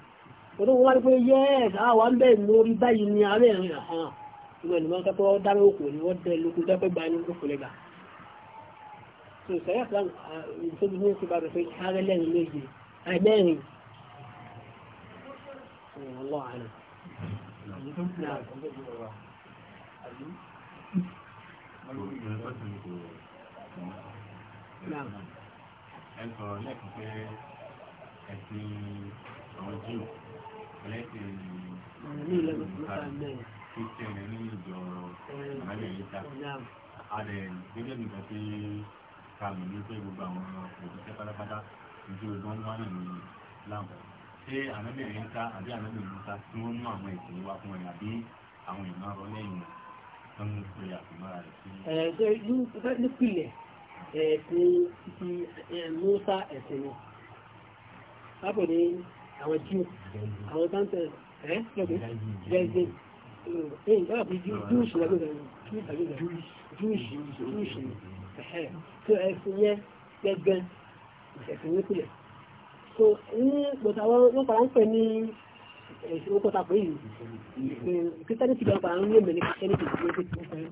ọdún wọ́n wá pé yẹ́ẹ̀sì àwọn ń bẹ̀ lórí báyìí ni àárẹ̀ rìn àhán ìwọ̀n ènìyàn kẹ́kọ́ dáná òkú ni wọ́n dẹ lókun tẹ́pẹ́ gba ní òkú so ìṣẹ̀yà fún ìṣẹ́jú ní ìṣẹ́bà rẹ̀ pé ààrẹ lẹ́rin méje àìmẹ́rin ọlọ́ àná ẹ sọ̀rọ̀ lẹ́kùn pé ẹ̀sìn àwọn jíò ẹlẹ́sìn kírísítẹ̀nì ní ìjọ àmàlẹ̀ yíta adẹ̀ gẹ́gẹ́ bí nǹkan tí kàmì ní pé gbogbo àwọn òṣìṣẹ́ pátápátá ìjọ ìgbọ́n wà nínú láàmù ṣé àmàlẹ̀ yíta àbí àmàlẹ̀ yíta tí wọ́n mú àwọn ìṣèlú wá fún ẹ̀ àbí àwọn ìmọ̀ ọ̀rọ̀ lẹ́yìn rẹ̀ nípìlẹ̀ ẹ̀ẹ̀kùn ti mọ́sá ẹ̀sìn ni lápò ní àwọn jíò àwọn tántẹ̀ ẹ́ lọ́gbẹ̀ jẹ́gbẹ̀ ẹ̀yìn tọ́lá bí júùsì lọ́gbẹ̀ júùsì ẹ̀ẹ́ tó ẹ̀sìn yẹn gẹ́gẹ́ ẹ̀sìn nípìlẹ̀ so ní pọ̀tàwọn lọ́pàá ń pẹ̀ ní ó kọta pé kíkẹ́ni ti gbàgbà ń lé mẹ́lẹ́ kíkẹ́ni ti gbàgbà ń lé mẹ́lẹ́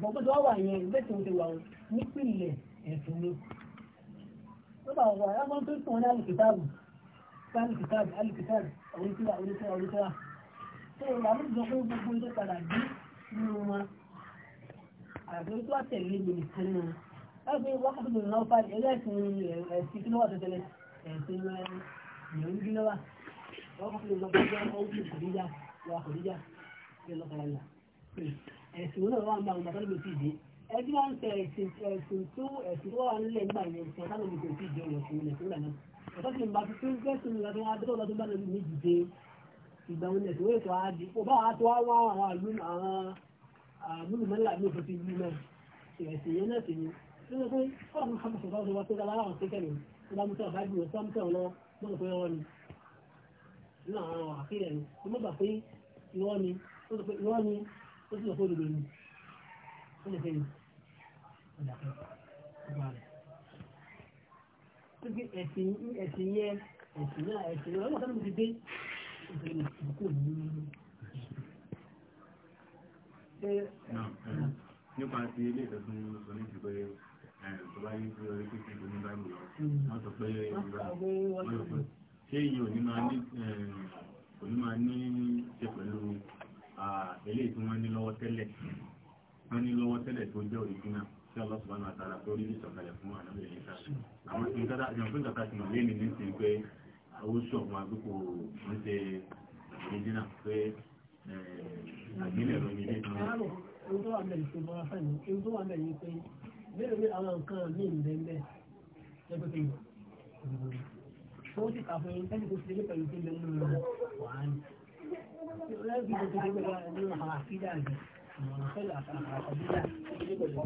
bọ̀gbọ́dọ̀ wà yẹn bẹ́ẹ̀ tó ti wà nípìnlẹ̀ ẹ̀sùn ni ó bá wà láwọn tó tún wọn ní alìkìtàbù alìkìtàbù alìkìtàbù oríṣiríṣi oríṣiríṣi oríṣiríṣi tó o làwọn ìjọ pé gbogbo ilé padà bí nínú wọn àti orí tó wà tẹ̀lé ìgbìmọ̀ kan náà láti fi wákàtí tó náà fà ẹlẹ́sìn ẹ̀sìn kí ló wà wọ́n fi lọ bá ọ́ọ́dún ìkòdíjà wà kòdíjà ní ọlọ́kàlá ẹ̀sìn wọn náà wà ń bá ọmọ tálóbi tí ìdí ẹbí wọn tẹ ẹ̀sìn ẹ̀sìn tó ẹ̀sìn tó wà nílẹ̀ nígbà yẹn ẹ̀sìn tálóbi tó ti ìdí ọ̀rọ̀ fún ilẹ̀ fún ìlànà ẹ̀tọ́ ti ń bá tuntun gẹ̀ẹ́sìn nígbà tó wà tó lọ tó bá lọ ní ìdíje ìgbà wọn ẹ̀sìn wọ́n ètò àádé ó bá wà tó wá wá àwọn àlùm àwọn múlùmọ́lá ní òfin ti wú náà ẹ̀sìn yẹn náà sì ni tó lọ pé fọ́ọ̀mù nínú àwọn àkílẹ̀ ni ó mọ́gbà pé irọ́ ni ó sì lọ fún olùdó ni ó lè fẹ́yìn ọ̀dà kan ọgbà rẹ̀. Pípé ẹ̀sìn ẹ̀sìn yẹn ẹ̀sìn náà ẹ̀sìn náà ọlọ́mọ sọ́dún ti dé ìṣẹ̀lẹ̀ ìṣẹ̀kù ní nípa ti ilé ìtẹ̀sùn sọ ní pé tó bá yí sí orí pípé báyìí lọ hmm. wọ́n sọ pé ìgbà wọ́n sọ pé ṣé iye òní máa ní eh, òní máa ní ṣe pẹ̀lú eléyìí tí wọ́n ní lọ́wọ́ tẹ́lẹ̀ wọ́n ní lọ́wọ́ tẹ́lẹ̀ tó jẹ́ òrìjínà tí Allah subhanahu wa ta'ala tó rí ìsọ̀kalẹ̀ fún ànábì Ìsá àwọn ìgbàta ti mọ̀ lé ní ní ti pé owó ṣọ̀gbọ́n àgbékò ń ṣe òrìjínà pé eh, àgbélẹ̀ lọ ní ilé ìtàn wọ́n sì kà ẹni kò sí ilé pẹ̀lú tó lè mú wà á ní. lẹ́yìn tó ti gbé nínú àwọn àfídà rẹ̀ àwọn àfẹ́lẹ̀ àkàbílà ilé pẹ̀lú.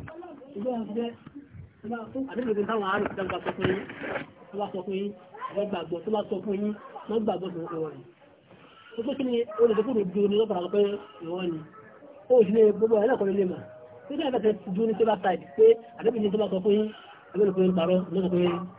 ìgbà wọn jẹ́ àdébòkè táwọn àárò ti dàgbà sọ fún yín tó bá sọ fún yín ẹgbẹ́ gbàgbọ́ dúró ní lọ́pàá ó sì ní gbogbo ẹ̀ lẹ́kọ̀ọ́ tó ní àgbàtà dúró ní sébà táì pé àdébòkè tó bá sọ fún yín ẹgbẹ́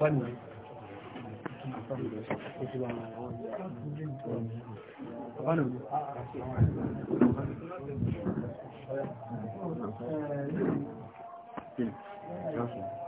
àfáàní Thank